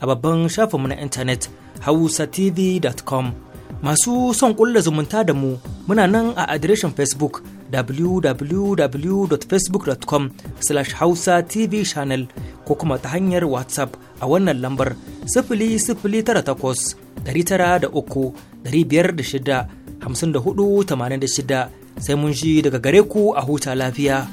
a babban shafinmu na intanet hausatv.com masu son kulla zumunta da mu muna nan a adireshin facebook www.facebook.com slash hausa tv channel ko kuma ta hanyar whatsapp a wannan lambar 00983 506 5486 sai mun ji daga gare ku a huta lafiya.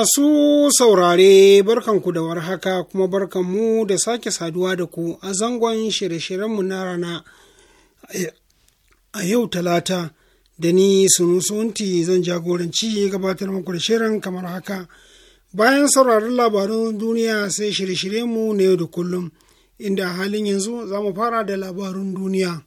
Masu saurare barkanku da warhaka kuma barkanmu da sake saduwa da ku a zangon shirye-shiryenmu na rana a yau talata da ni sunusunti zan jagoranci gabatar muku da shirin kamar haka. Bayan sauraron labarun duniya sai shirye-shiryenmu na yau da kullum, inda halin yanzu za mu fara da labarun duniya.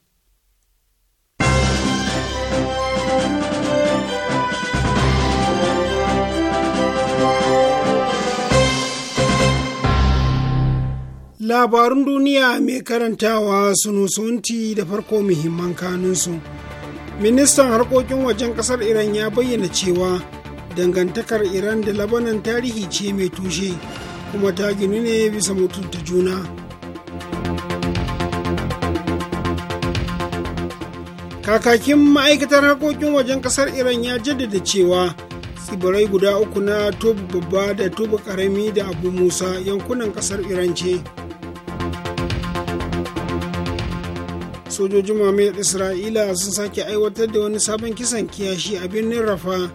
Labarun duniya mai karantawa nusunti da farko muhimman kanunsu. Ministan harkokin wajen kasar Iran ya bayyana cewa dangantakar Iran da Labanan tarihi ce mai tushe kuma ta ginu ne bisa mutunta juna. Kakakin ma'aikatar harkokin wajen kasar Iran ya jaddada cewa tsibirai guda uku na tubu babba da tubu karami da abu musa yankunan kasar Iran ce. sojojin mamayar isra'ila sun sake aiwatar da wani sabon kisan kiyashi a birnin rafa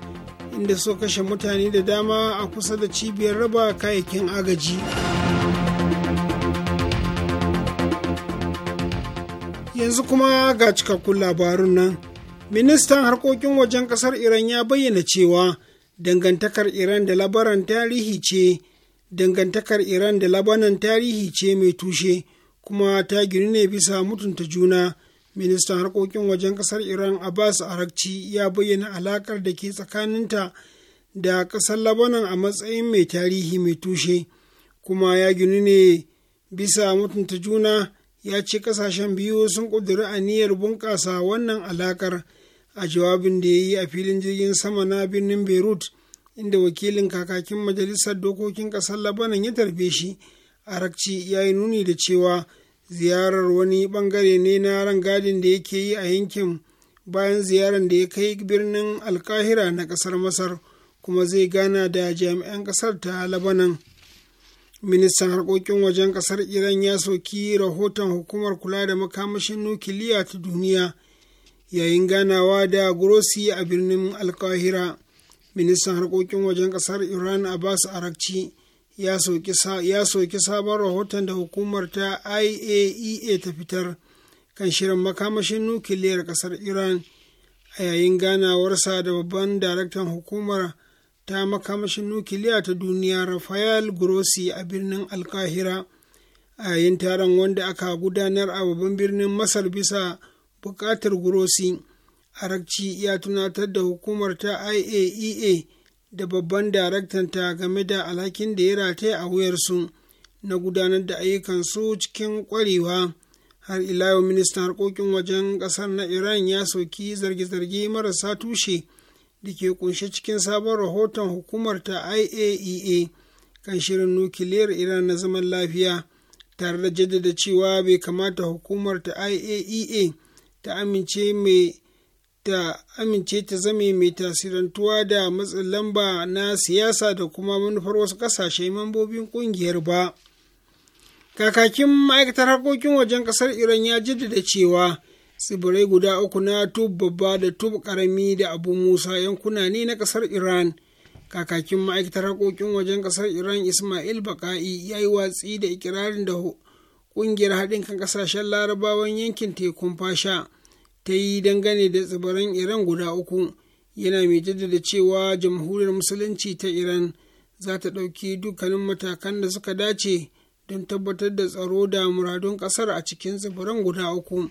inda suka kashe mutane da dama a kusa da cibiyar raba kayayyakin agaji yanzu kuma ga cikakkun labarun nan ministan harkokin wajen kasar iran ya bayyana cewa dangantakar iran da labaran tarihi ce dangantakar iran da labanan tarihi ce mai tushe kuma ta giri ne bisa mutunta juna ministan harkokin wajen kasar iran abbas arakci ya bayyana alakar da ke tsakaninta da kasar labanan a matsayin mai tarihi mai tushe kuma ya gini ne bisa mutunta juna ya ce kasashen biyu sun ƙudiri niyyar bunƙasa wannan alakar a jawabin da ya yi a filin jirgin sama na birnin beirut inda wakilin kakakin majalisar dokokin ƙasar labanan ya tarbe shi arakci ya yi nuni da cewa ziyarar wani bangare ne na rangadin da yake yi a yankin bayan ziyarar da ya kai birnin alkahira na kasar masar kuma zai gana da jami'an kasar ta labanan ministan harkokin wajen kasar iran ya soki rahoton hukumar kula da makamashin nukiliya ta duniya yayin ganawa da grossi a birnin alkahira ministan harkokin wajen kasar iran abbas arakci ya soki sabon rahoton da hukumar ta iaea e ta fitar kan shirin makamashin nukiliyar kasar iran a yayin ganawarsa da babban daraktan hukumar ta makamashin nukiliya ta duniya rafael grossi a birnin alkahira a yayin taron wanda aka gudanar a babban birnin masar bisa buƙatar grossi arakci ya tunatar da hukumar ta iaea e da babban daraktanta game da alhakin da ya rataya a wuyarsu na gudanar da ayyukansu cikin kwarewa har ila yau ministan harkokin wajen kasar na iran ya soki zarge-zarge marasa tushe da ke kunshe cikin sabon rahoton hukumar ta iaea e kan shirin nukiliyar iran na zaman lafiya tare da jaddada cewa bai kamata hukumar ta iaea e ta amince mai ta amince ta zame mai tasirantuwa da matsin lamba na siyasa da kuma manufar wasu ƙasashe mambobin ƙungiyar ba. Kakakin ma'aikatar harkokin wajen ƙasar Iran ya jaddada cewa tsibirai guda uku na tub babba da tub ƙarami da abu Musa yankuna ne na ƙasar Iran. Kakakin ma'aikatar harkokin wajen ƙasar Iran Ismail Baka'i ya yi watsi da ikirarin da ƙungiyar haɗin kan ƙasashen larabawan yankin tekun fasha. ta yi dangane da tsibiran iran guda uku yana mai jaddada cewa jamhuriyar musulunci ta iran za ta ɗauki dukkanin matakan da suka dace don tabbatar da tsaro da muradun ƙasar a cikin tsibiran guda uku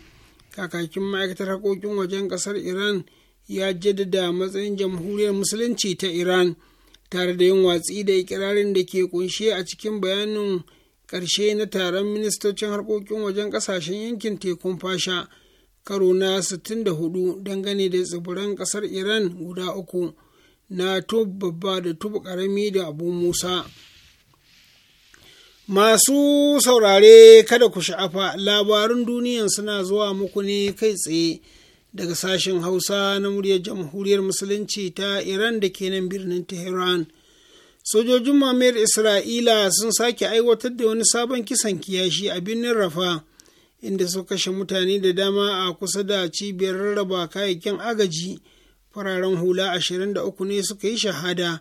kakakin ma'aikatar haƙoƙin wajen ƙasar iran ya jaddada matsayin jamhuriyar musulunci ta iran tare da yin watsi da ikirarin da ke kunshe a cikin bayanin ƙarshe na taron ministocin harkokin wajen ƙasashen yankin tekun fasha karo na 64 dangane da tsibiran ƙasar iran guda uku na tub babba da tub ƙarami da abu musa masu saurare kada ku sha'afa labarun duniyan suna zuwa muku ne kai tsaye daga sashen hausa na muryar jamhuriyar musulunci ta iran da ke nan birnin tehran sojojin mamayar isra'ila sun sake aiwatar da wani sabon kisan kiyashi a birnin rafa inda suka kashe mutane da dama a kusa da cibiyar rarraba kayayyakin agaji fararen hula 23 ne suka yi shahada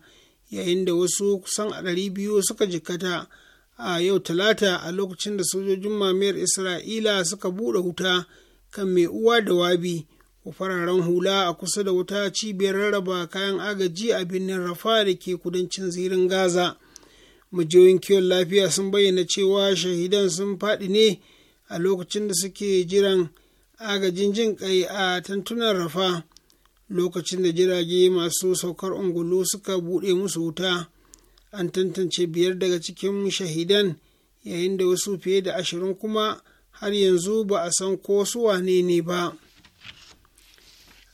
yayin da wasu kusan 200 suka jikkata a yau talata a lokacin da sojojin mamayar isra'ila suka buɗe wuta kan mai uwa da wabi ko fararen hula a kusa da wuta cibiyar rarraba kayan agaji a birnin rafa da ke kudancin zirin gaza majiyoyin kiwon lafiya sun bayyana cewa shahidan sun faɗi ne a lokacin da suke jiran agajin jin kai a tantunan rafa lokacin da jirage masu saukar ungulu suka buɗe musu wuta an tantance biyar daga cikin shahidan yayin da wasu fiye da ashirin kuma har yanzu ba a san ko su wane ne ba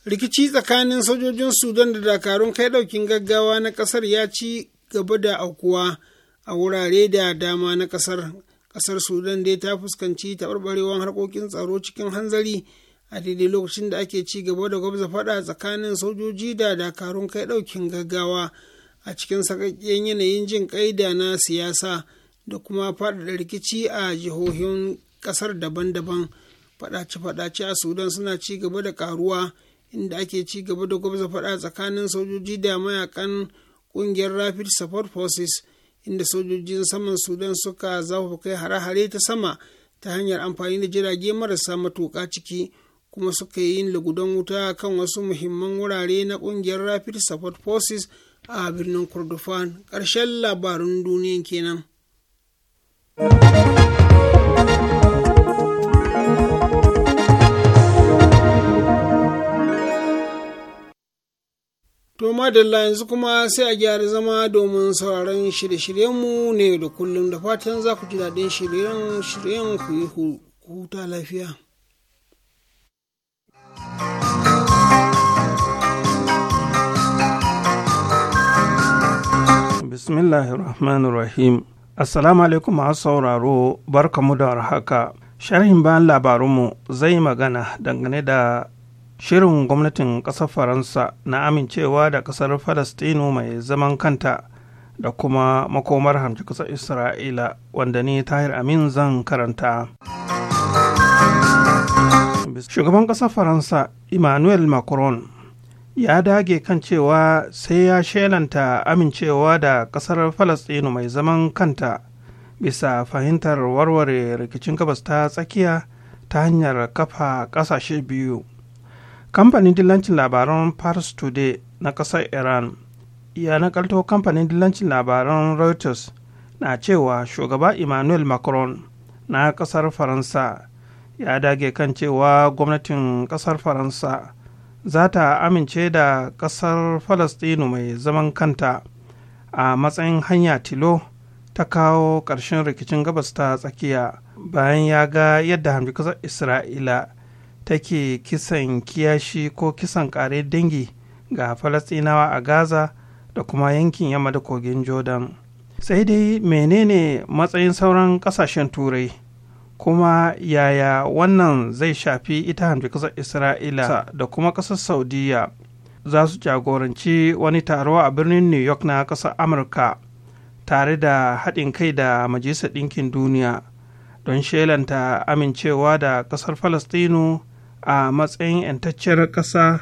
rikici tsakanin sojojin sudan da dakarun kai ɗaukin gaggawa na ƙasar ya ci gaba da aukuwa a wurare da dama na ƙasar kasar sudan dai ta fuskanci taɓarɓarewar harkokin tsaro cikin hanzari a daidai lokacin da ake ci gaba da gwabza faɗa tsakanin sojoji da dakarun kai ɗaukin gaggawa a cikin sakakken yanayin jin ƙaida na siyasa da kuma faɗaɗa rikici a jihohin ƙasar daban-daban faɗace-faɗace a sudan suna ci gaba da ƙaruwa inda ake ci gaba da gwabza faɗa tsakanin sojoji da mayakan ƙungiyar rapid support forces inda sojojin saman sudan suka zafafa kai hare-hare ta sama ta hanyar amfani da jirage marasa matuƙa ciki kuma suka yi lagudan wuta kan wasu muhimman wurare na ƙungiyar rapid support forces a birnin kurdufan ƙarshen labarun duniyan kenan. To madalla yanzu kuma sai a gyara zama domin sauraron shirye-shiryenmu ne da kullum da fatan za ku ji daɗin shiryen ku yi huta lafiya. rahim. Assalamu alaikum a sauraro, barkamu da warhaka. Sharhin bayan labarunmu zai magana dangane da shirin gwamnatin ƙasar faransa na amincewa da ƙasar falastinu mai zaman kanta da kuma makomar hamci ƙasar isra'ila wanda ni tahir amin zan karanta shugaban ƙasar faransa emmanuel macron ya dage kan cewa sai ya shelanta amincewa da ƙasar falastinu mai zaman kanta bisa fahimtar warware rikicin gabas ta tsakiya ta hanyar kafa ƙasashe biyu kamfanin dillancin labaran paris today na ƙasar iran ya nakalto kamfanin dillancin labaran reuters na cewa shugaba emmanuel macron na ƙasar faransa ya dage kan cewa gwamnatin ƙasar faransa za ta amince da ƙasar falastinu mai zaman kanta a matsayin hanya tilo ta kawo ƙarshen rikicin gabas ta tsakiya bayan ya ga yadda kasar isra'ila take kisan kiyashi ko kisan kare dangi ga falastinawa a gaza da kuma yankin yamma da kogin jordan sai dai menene matsayin sauran kasashen turai kuma yaya wannan zai shafi ita hamji kasar isra'ila da kuma kasar saudiya za su jagoranci wani taro a birnin new york na kasar amurka tare da haɗin kai da majalisar ɗinkin duniya don shelanta amincewa da kasar falastinu a matsayin 'yantacciyar ƙasa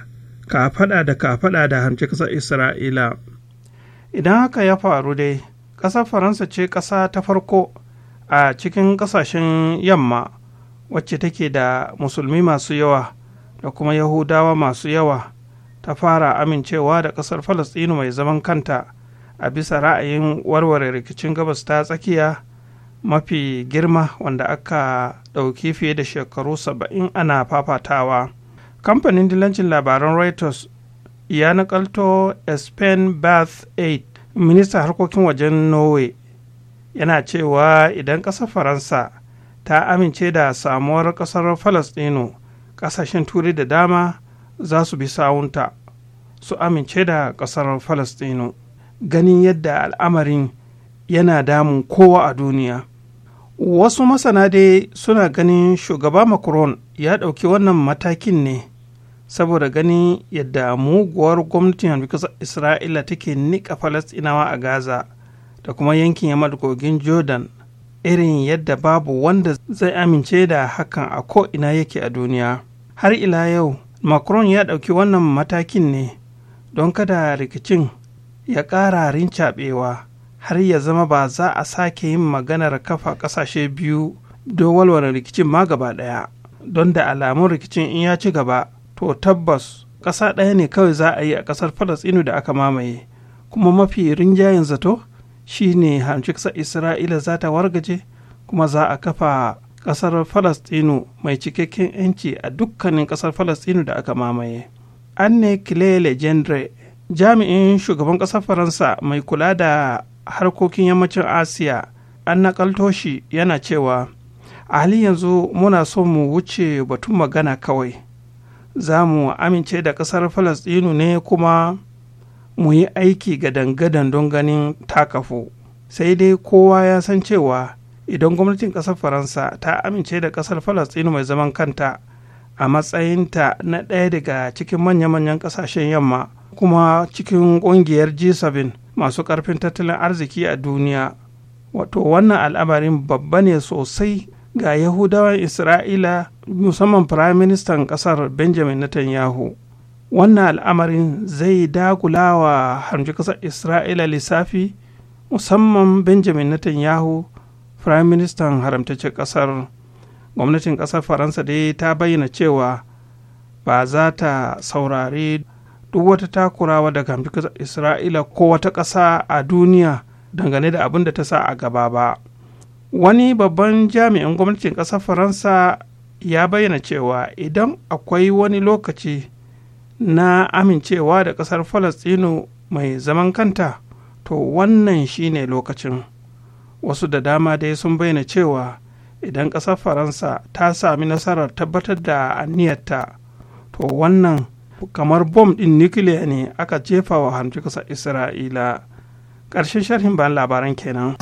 ka faɗa da ka faɗa da hanci ƙasar isra'ila idan haka ya faru dai ƙasar faransa ce ƙasa ta farko a cikin ƙasashen yamma wacce take da musulmi masu yawa da kuma yahudawa masu yawa ta fara amincewa da ƙasar Falasɗinu mai zaman kanta a bisa ra'ayin warware rikicin gabas ta tsakiya mafi girma wanda aka ɗauki fiye da shekaru saba'in ana fafatawa kamfanin dilancin labaran reuters ya nakalto spain bath 8 ministan harkokin wajen norway yana cewa idan ƙasar faransa ta amince da samuwar ƙasar falastino ƙasashen turai da dama za su bi sawunta su amince da ƙasar falastino ganin yadda al'amarin yana damun kowa a duniya wasu masana dai suna ganin shugaba macron ya ɗauki wannan matakin ne saboda ganin yadda muguwar gwamnatin yankin isra'ila take nika falastinawa a gaza da kuma yankin yamal kogin jordan irin yadda babu wanda zai amince da hakan a ko ina yake a duniya har ila yau macron ya ɗauki wannan matakin ne don kada rikicin ya ƙara rincaɓewa har ya zama ba za a sake yin maganar kafa ƙasashe biyu don walwala rikicin ma gaba ɗaya don da alamun rikicin in ya ci gaba to tabbas ƙasa ɗaya ne kawai za a yi a ƙasar falastinu da aka mamaye kuma mafi rinjayen zato shine hamci ƙasar isra'ila za ta wargaje kuma za a kafa ƙasar falastinu mai cikakken 'yanci a dukkanin ƙasar falastinu da aka mamaye anne kilele gendre jami'in shugaban ƙasar faransa mai kula da harkokin yammacin asiya an naƙalto shi yana cewa a halin yanzu muna so mu wuce batun magana kawai za mu amince da ƙasar falastinu ne kuma mu yi aiki ga gadan don ganin takafu sai dai kowa ya san cewa idan gwamnatin ƙasar faransa ta amince da ƙasar falastinu mai zaman kanta a matsayinta na ɗaya daga cikin manya-manyan ƙasashen yamma kuma cikin ƙungiyar g7 masu ƙarfin tattalin arziki a duniya wato wannan al'amarin babba ne sosai ga yahudawan isra'ila musamman firaministan ƙasar benjamin netanyahu wannan al'amarin zai dagula wa ƙasar isra'ila lissafi musamman benjamin netanyahu firaministan haramtaccen Kasar gwamnatin ƙasar faransa dai ta bayyana cewa ba za ta saurari duk wata takurawa daga isra'ila ko wata ƙasa a duniya dangane da abin da ta sa a gaba ba wani babban jami'in gwamnatin ƙasar faransa ya bayyana cewa idan akwai wani lokaci na amincewa da ƙasar falastino mai zaman kanta to wannan shine lokacin wasu da dama dai sun bayyana cewa idan ƙasar faransa ta sami nasarar tabbatar da aniyarta to wannan kamar bom ɗin nukiliya ne aka jefa wa hamci kusa isra'ila ƙarshen sharhin bayan labaran kenan.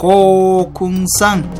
ko kun san.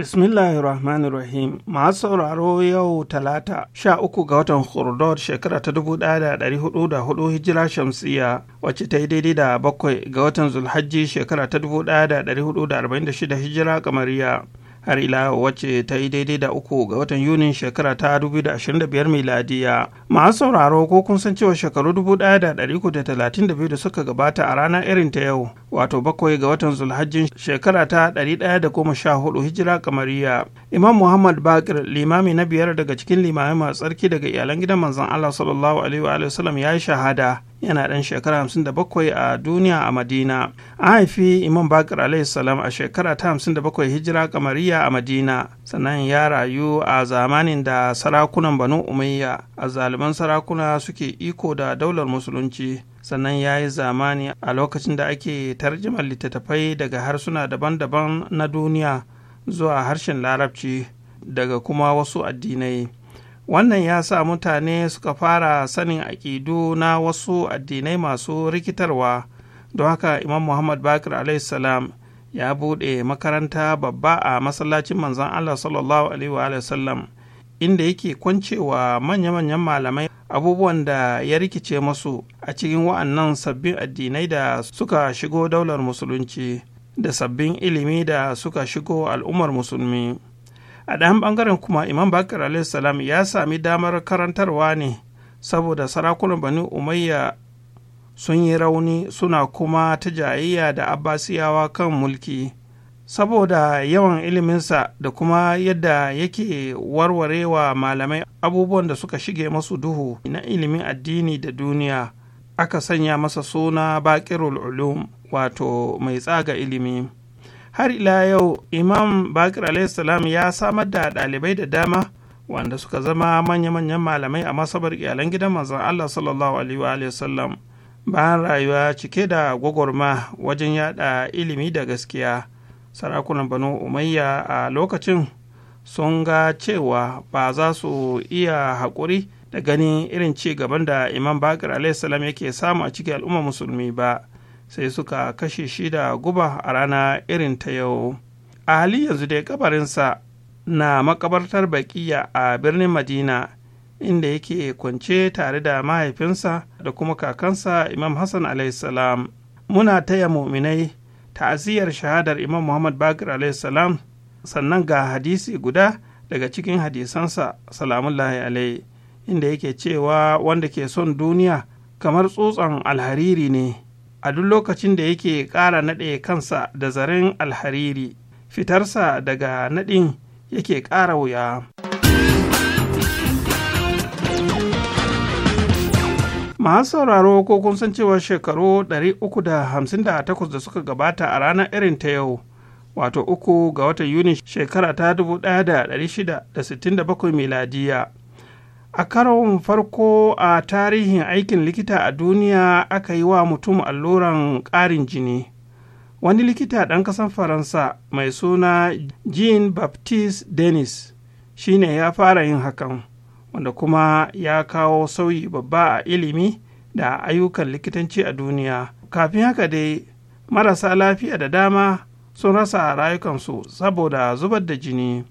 Rahim Masu sauraro yau talata sha uku ga watan Hurdor shekara ta dubu ɗaya da ɗari hudu da hudu hijira shamsiya wacce ta yi daidai da bakwai ga watan Zulhajji shekara ta dubu ɗaya da ɗari hudu da arba'in da shida hijira kamariya. har ila wacce ta yi daidai da uku ga watan yunin shekara ta 2025 miladiya masu sauraro ko kun san cewa shekaru 1,132 da suka gabata a rana irin ta yau wato bakwai ga watan zulhajjin shekara ta 114 hijira kamariya imam muhammad bakir limami na biyar daga cikin limamai masu tsarki daga iyalan gidan manzon allah sallallahu alaihi wa sallam ya yi shahada yana ɗan shekara 57 a duniya a madina an haifi imam bakir salam a shekara ta 57 hijira kamariya a madina sannan ya rayu a zamanin da sarakunan banu umayya a zaliman sarakuna suke iko da daular musulunci sannan ya yi zamani a lokacin da ake tarjimar littattafai daga harsuna daban-daban na duniya zuwa harshen larabci daga kuma wasu addinai wannan ya sa mutane suka fara sanin aƙidu na wasu addinai masu rikitarwa don haka imam muhammad bakir salam ya buɗe makaranta babba a masallacin manzan allah sallallahu alaihi wa sallam inda yake kwancewa manya-manyan malamai abubuwan da ya rikice masu a cikin wa'annan sabbin addinai da suka shigo daular musulunci da sabbin ilimi da suka shigo al'ummar musulmi. a ɗan ɓangaren kuma imam bakir salam ya sami damar karantarwa ne saboda sarakunan bani umayya sun yi rauni suna kuma ta jayayya da abbasiyawa kan mulki saboda yawan iliminsa da kuma yadda yake warwarewa malamai abubuwan da suka shige masu duhu na ilimin addini da duniya aka sanya masa suna bakirul ulum wato mai tsaga ilimi har ila yau imam bakir salam ya samar da ɗalibai da dama wanda suka zama manya-manyan malamai a masabar iyalan gidan manzon allah sallallahu alaihi wa sallam bayan rayuwa cike da gwagwarma wajen yada ilimi da gaskiya sarakunan banu umayya a lokacin sun ga cewa ba za su iya haƙuri da ganin irin ci gaban da imam bakir salam yake samu a cikin al'ummar musulmi ba sai suka kashe shi da guba a rana irin ta yau a hali yanzu dai kabarinsa na makabartar bakiya a birnin madina inda yake kwance tare da mahaifinsa da kuma kakansa imam hassan salam muna taya muminai ta'aziyar shahadar imam muhammad bakir salam sannan ga hadisi guda daga cikin hadisansa salamullahi alai inda yake cewa wanda ke son duniya kamar tsutsan alhariri ne a duk lokacin da yake ƙara naɗe kansa da zaren alhariri fitarsa daga naɗin yake ƙara wuya masu sauraro ko kun san cewa shekaru 358 da suka gabata a ranar irin ta yau wato uku ga watan yuni shekara ta 1667 miladiya a karon farko a tarihin aikin likita a duniya aka yi wa mutum alluran ƙarin jini wani likita ɗan ƙasar faransa mai suna jean baptiste denis shine ya fara yin hakan wanda kuma ya kawo sauyi babba a ilimi da ayyukan likitanci a duniya kafin haka dai marasa lafiya da dama sun rasa rayukansu saboda zubar da jini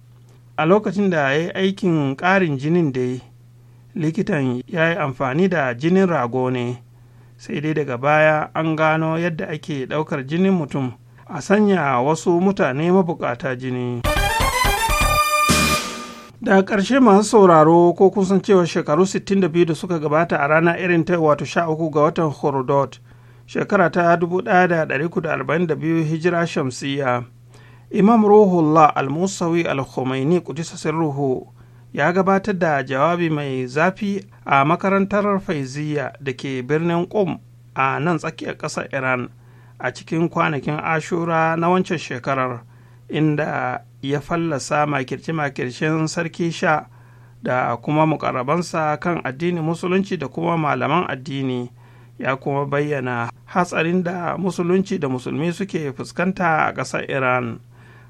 a lokacin da ya yi aikin ƙarin jinin dai likitan ya yi amfani da jinin rago ne sai dai daga baya an gano yadda ake ɗaukar jinin mutum a sanya wasu mutane mabukata jini Da ƙarshe masu sauraro ko kun san cewa shekaru 62 da suka gabata a rana irin ta wato 13 ga watan horodot shekara ta 1442 hijira shamsiya imam ruhullah al-musawi al-khumaini kudisa sirruhu ya gabatar da jawabi mai zafi a makarantar faiziya da ke birnin ƙum a nan tsakiyar ƙasar iran a cikin kwanakin ashura na wancan shekarar inda ya fallasa makirce-makircen sarki sha da kuma mukarabansa kan addini musulunci da kuma malaman addini ya kuma bayyana hatsarin da musulunci da musulmi suke fuskanta a ƙasar iran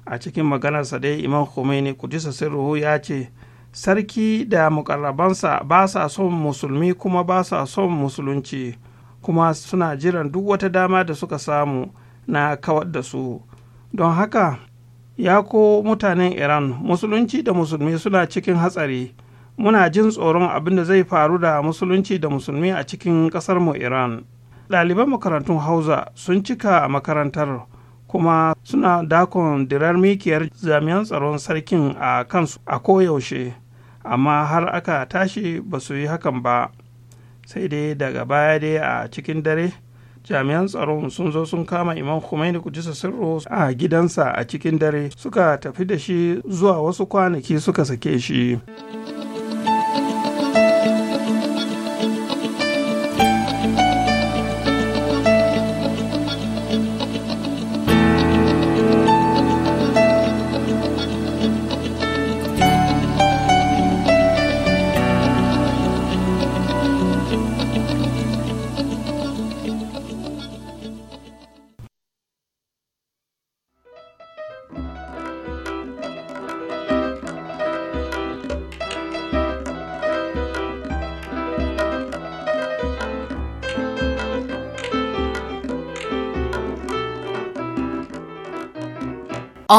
a cikin maganarsa dai imam khomeini kudisa sirruhu ya ce sarki da mukarrabansa ba sa son musulmi kuma ba sa son musulunci kuma suna jiran duk wata dama da suka samu na kawar da su don haka ya ko mutanen iran musulunci da musulmi suna cikin hatsari muna jin tsoron abin da zai faru da musulunci da musulmi a cikin ƙasarmu iran ɗaliban makarantun hausa sun cika a makarantar kuma suna dakon dirar mikiyar jami'an tsaron sarkin a kansu a koyaushe amma har aka tashi ba su yi hakan ba sai dai daga baya dai a cikin dare jami'an tsaron sun zo sun kama imam Khomeini jisa sirro a gidansa a cikin dare suka tafi da shi zuwa wasu kwanaki suka sake shi.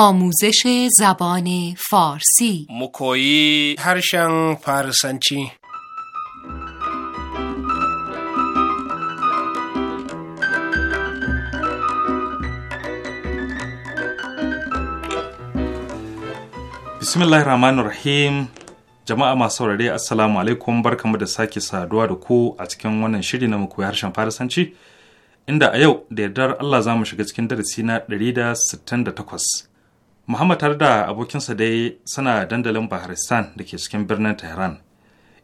آموزش زبان فارسی مکوی هرشن فارسنچی الله الرحمن rahim jama'a masu saurare assalamu alaikum barkamu da sake saduwa da ku a cikin wannan shiri na koyi harshen farisanci inda a yau da yardar allah za mu shiga cikin darasi na 168 muhammad tare da abokinsa dai suna dandalin baharistan da ke cikin birnin tehran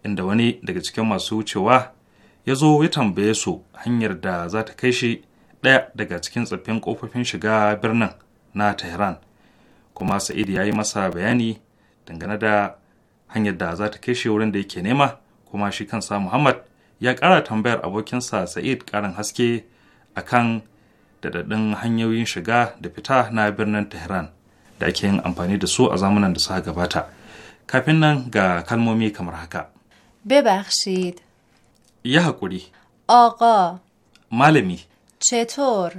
inda wani daga cikin masu wucewa ya zo ya tambaye su hanyar da za ta kai shi ɗaya daga cikin tsaffin ƙofofin shiga birnin na tehran kuma sa'id ya yi masa bayani dangane da hanyar da za ta kai shi wurin da yake nema kuma shi kansa muhammad ya ƙara tambayar abokinsa sa'id ƙarin haske akan daɗaɗɗun hanyoyin shiga da fita na birnin tehran da ake yin amfani da su a zamanan da suka gabata kafin nan ga kalmomi kamar haka ببخشید یه حقوری آقا معلمی چطور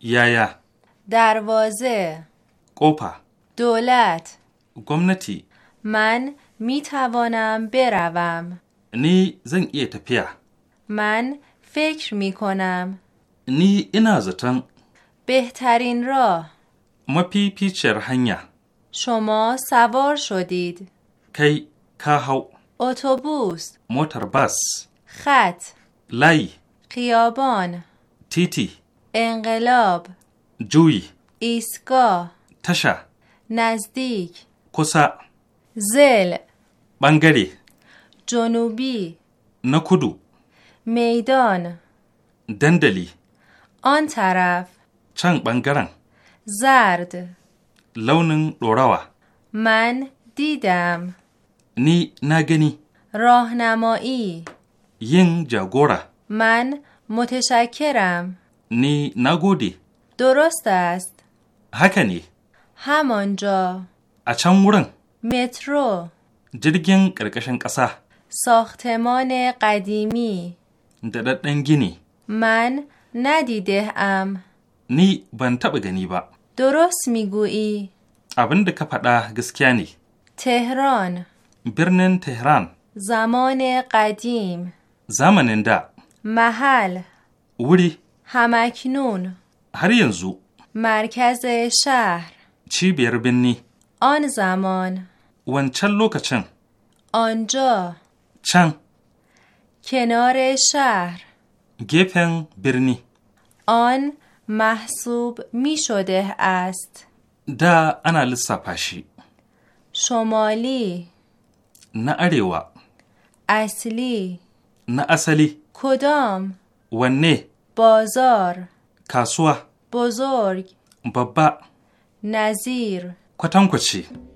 یایا دروازه قوپا دولت گمنتی من می توانم بروم نی زن ایه تپیا من فکر می کنم نی اینا زتن بهترین راه مپی پیچر هنیا شما سوار شدید کی کاهو اتوبوس موتر بس خط لی خیابان تیتی انقلاب جوی ایستگاه تشا نزدیک کسا زل بنگری جنوبی نکدو میدان دندلی آن طرف چنگ بنگرن زرد لونن دوراوا من دیدم نی نگنی راهنمایی ین جاگورا من متشکرم نی نگودی درست است هکنی همانجا اچان ورن مترو جرگین کرکشن کسا ساختمان قدیمی دردنگینی من ندیده ام نی بنتبگنی با درست میگویی اون که کپدا گسکیانی تهران برنن تهران زمان قدیم زمان محل وری همکنون هر مرکز شهر چی بیر بینی؟ آن زمان ون چل آنجا چن کنار شهر گپن برنی آن محسوب می شده است دا انا لسه شمالی نه اریوا اصلی نه اصلی کدام ونه بازار کاسوا بزرگ بابا نظیر kwatankwace.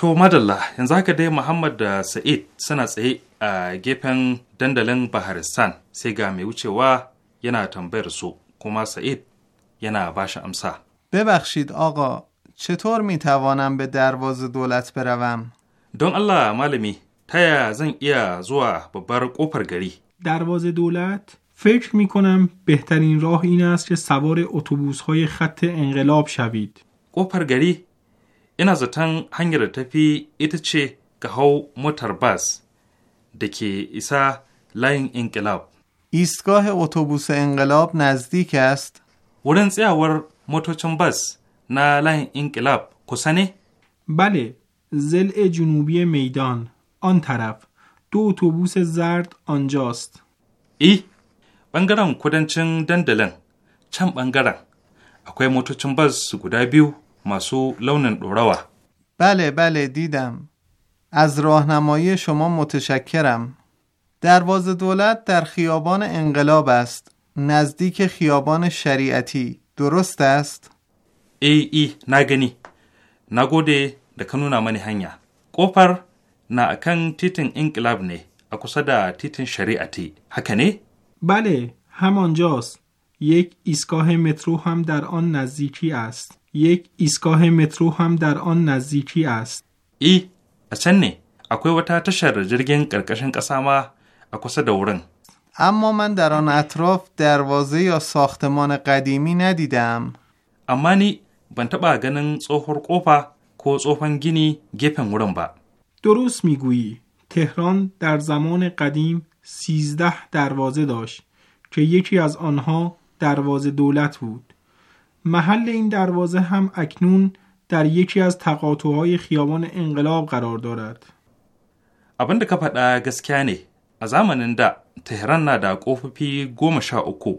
To madalla yanzu haka dai Muhammad da Sa'id suna tsaye a gefen dandalin Baharistan sai ga mai wucewa yana tambayar su kuma Sa'id yana ba shi amsa. ببخشید آقا چطور می توانم به دروازه دولت بروم؟ دون الله معلمی تایا زن ایا زوا ببر قفر گری دروازه دولت فکر می کنم بهترین راه این است که سوار اتوبوس های خط انقلاب شوید. قفر گری Ina zaton hanyar da ta ita ce ga hau motar bas da ke isa layin inkilab. Iska yi hoto na zikas. Wurin tsayawar motocin bas na layin inkilab kusa ne? Bale: Zale-Zulube, Maydon, Ontharap, dou hotobutsa Zart, Onjost. E! Bangaran Kudancin dandalin, can bangaran, akwai motocin bas guda biyu. ماسو لونن دوروا بله بله دیدم از راهنمایی شما متشکرم دروازه دولت در خیابان انقلاب است نزدیک خیابان شریعتی درست است ای ای نگنی نگوده دکنونا منی هنیا قفر نا اکن تیتن انقلاب نه ne a تیتن شریعتی بله همانجاست. یک ایستگاه مترو هم در آن نزدیکی است. یک ایستگاه مترو هم در آن نزدیکی است. ای، اچن اکوی وتا تشر جرگین کرکشن قساما اکوس دورن. اما من در آن اطراف دروازه یا ساختمان قدیمی ندیدم. اما نی بنتا با گنن tsohuwar قوپا، کو صحفن گینی درست میگویی تهران در زمان قدیم سیزده دروازه داشت که یکی از آنها دروازه دولت بود محل این دروازه هم اکنون در یکی از تقاطوهای خیابان انقلاب قرار دارد. abin da ka faɗa gaskiya ne a zamanin da tehran na da ƙofofi goma sha uku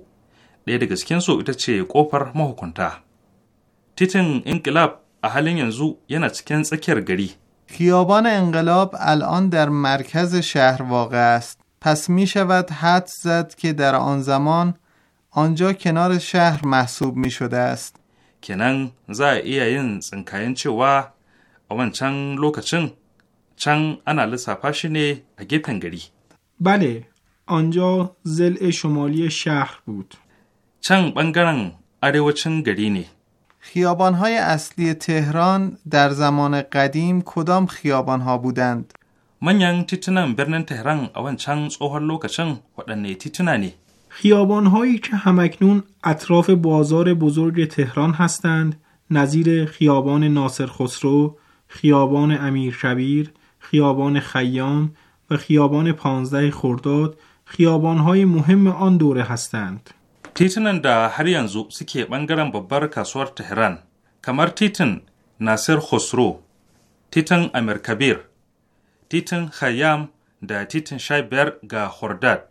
ɗaya daga cikinsu ita ce ƙofar mahukunta titin inkilab a halin yanzu yana cikin tsakiyar gari خیابان انقلاب الان در مرکز شهر واقع است پس می شود حد زد که در آن زمان آنجا کنار شهر محسوب می شده است. کنن زای ای این زنکاین و اون چن چن چن انا لسا اگه پنگری. بله آنجا زل شمالی شهر بود. چن بنگرن اره گری نه. خیابان اصلی تهران در زمان قدیم کدام خیابانها بودند؟ من یعنی تیتنم برنن تهران اوان چنگ اوهر لوکشن ودنی تیتنانی خیابان هایی که همکنون اطراف بازار بزرگ تهران هستند نظیر خیابان ناصر خسرو، خیابان امیر شبیر، خیابان خیام و خیابان پانزده خرداد خیابان های مهم آن دوره هستند. تیتنن دا هریان انزو سکی منگرم با برکاسوار تهران کمر تیتن ناصر خسرو، تیتن امیر کبیر، تیتن خیام دا تیتن شای گا خرداد.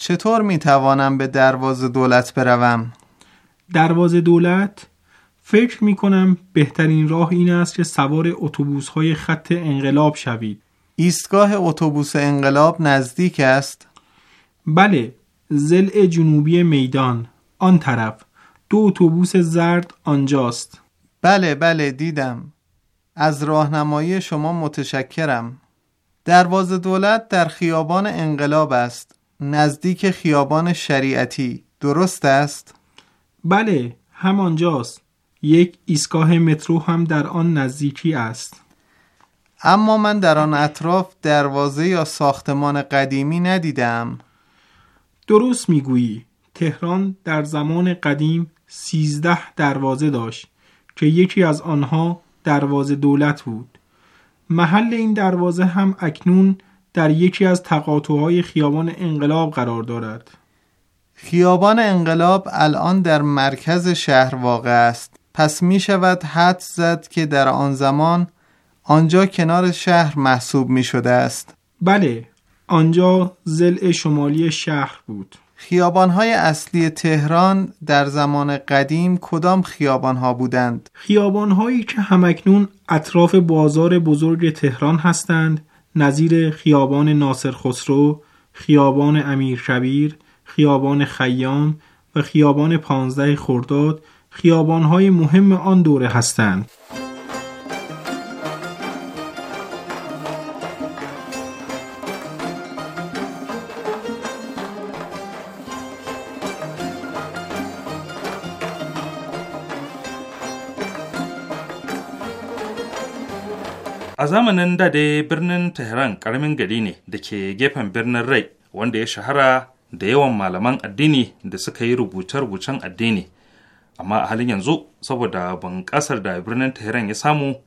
چطور می توانم به درواز دولت بروم؟ درواز دولت؟ فکر می کنم بهترین راه این است که سوار اتوبوس های خط انقلاب شوید. ایستگاه اتوبوس انقلاب نزدیک است؟ بله، زل جنوبی میدان آن طرف دو اتوبوس زرد آنجاست. بله بله دیدم. از راهنمایی شما متشکرم. درواز دولت در خیابان انقلاب است. نزدیک خیابان شریعتی درست است؟ بله همانجاست یک ایستگاه مترو هم در آن نزدیکی است اما من در آن اطراف دروازه یا ساختمان قدیمی ندیدم درست میگویی تهران در زمان قدیم سیزده دروازه داشت که یکی از آنها دروازه دولت بود محل این دروازه هم اکنون در یکی از تقاطعهای خیابان انقلاب قرار دارد خیابان انقلاب الان در مرکز شهر واقع است پس می شود حد زد که در آن زمان آنجا کنار شهر محسوب می شده است بله آنجا زل شمالی شهر بود های اصلی تهران در زمان قدیم کدام ها بودند؟ هایی که همکنون اطراف بازار بزرگ تهران هستند نظیر خیابان ناصر خسرو، خیابان امیر شبیر، خیابان خیام و خیابان پانزده خرداد خیابانهای مهم آن دوره هستند. A zamanin da dai birnin Tehran ƙaramin gari ne da ke gefen birnin Rai wanda ya shahara da yawan malaman addini da suka yi rubuce-rubucen addini. Amma a halin yanzu saboda bunƙasar da birnin Tehran ya samu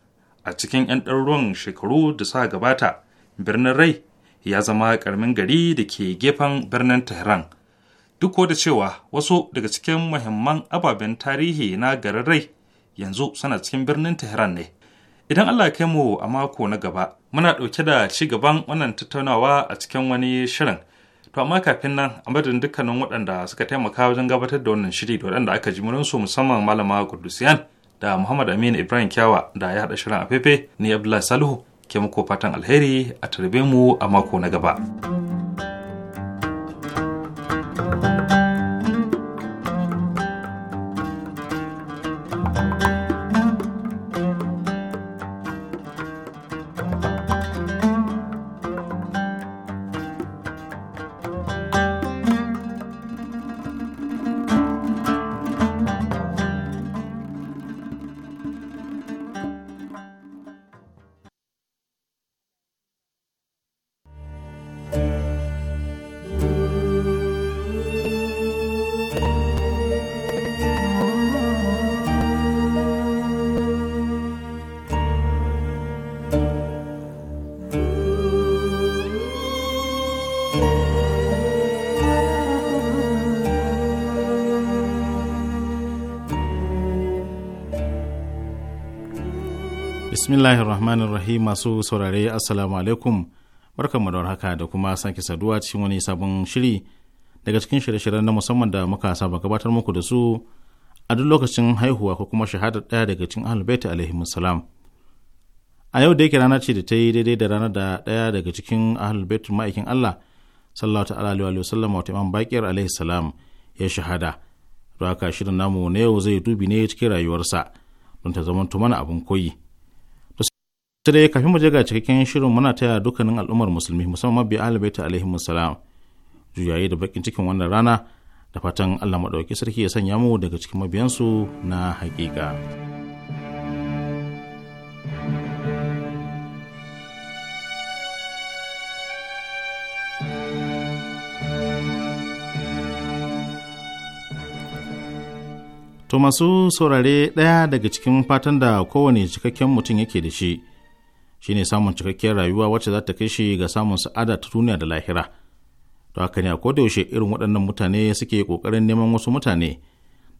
a cikin 'yan ɗaruruwan shekaru da sa gabata birnin Rai ya zama ƙaramin gari da ke gefen birnin Tehran. Duk da cewa wasu daga cikin muhimman ababen tarihi na garin Rai yanzu suna cikin birnin Tehran ne. Idan Allah ya kai mu a mako na gaba, muna ɗauke da ci gaban wannan tattaunawa a cikin wani shirin. To amma kafin nan a madadin dukkanin waɗanda suka taimaka wajen gabatar da wannan shiri da waɗanda aka ji murinsu musamman malama Kudusiyan da Muhammad Aminu Ibrahim Kyawa da ya haɗa shirin a fefe ni Abdullahi Salihu ke muku fatan alheri a tarbe mu a mako na gaba. bismillahir rahmanir rahim masu saurare assalamu alaikum barkanmu da haka da kuma sake saduwa cikin wani sabon shiri daga cikin shirye-shiryen na musamman da muka saba gabatar muku da su a duk lokacin haihuwa ko kuma shahadar daya daga cikin ahlulbaita alaihi salam a yau da yake rana ce da ta yi daidai da ranar da daya daga cikin ahlulbaitul ma'aikin Allah sallallahu ta'ala alaihi wa sallam wa imam baqir alaihi salam ya shahada to haka shirin namu na yau zai dubi ne cikin rayuwarsa don ta zama mana abun koyi ta dai kafin mu je ga cikakken shirin muna taya dukkanin al'ummar musulmi musamman mabiya alibaita alaihi salam juyaye da bakin cikin wannan rana da fatan allah maɗauki sarki ya sanya mu daga cikin mabiyansu na haƙiƙa. To masu saurare ɗaya daga cikin fatan da kowane cikakken mutum yake da shi shine samun cikakkiyar rayuwa wacce za ta kai shi ga samun sa'ada ta duniya da lahira to haka ne a yaushe irin waɗannan mutane suke ƙoƙarin neman wasu mutane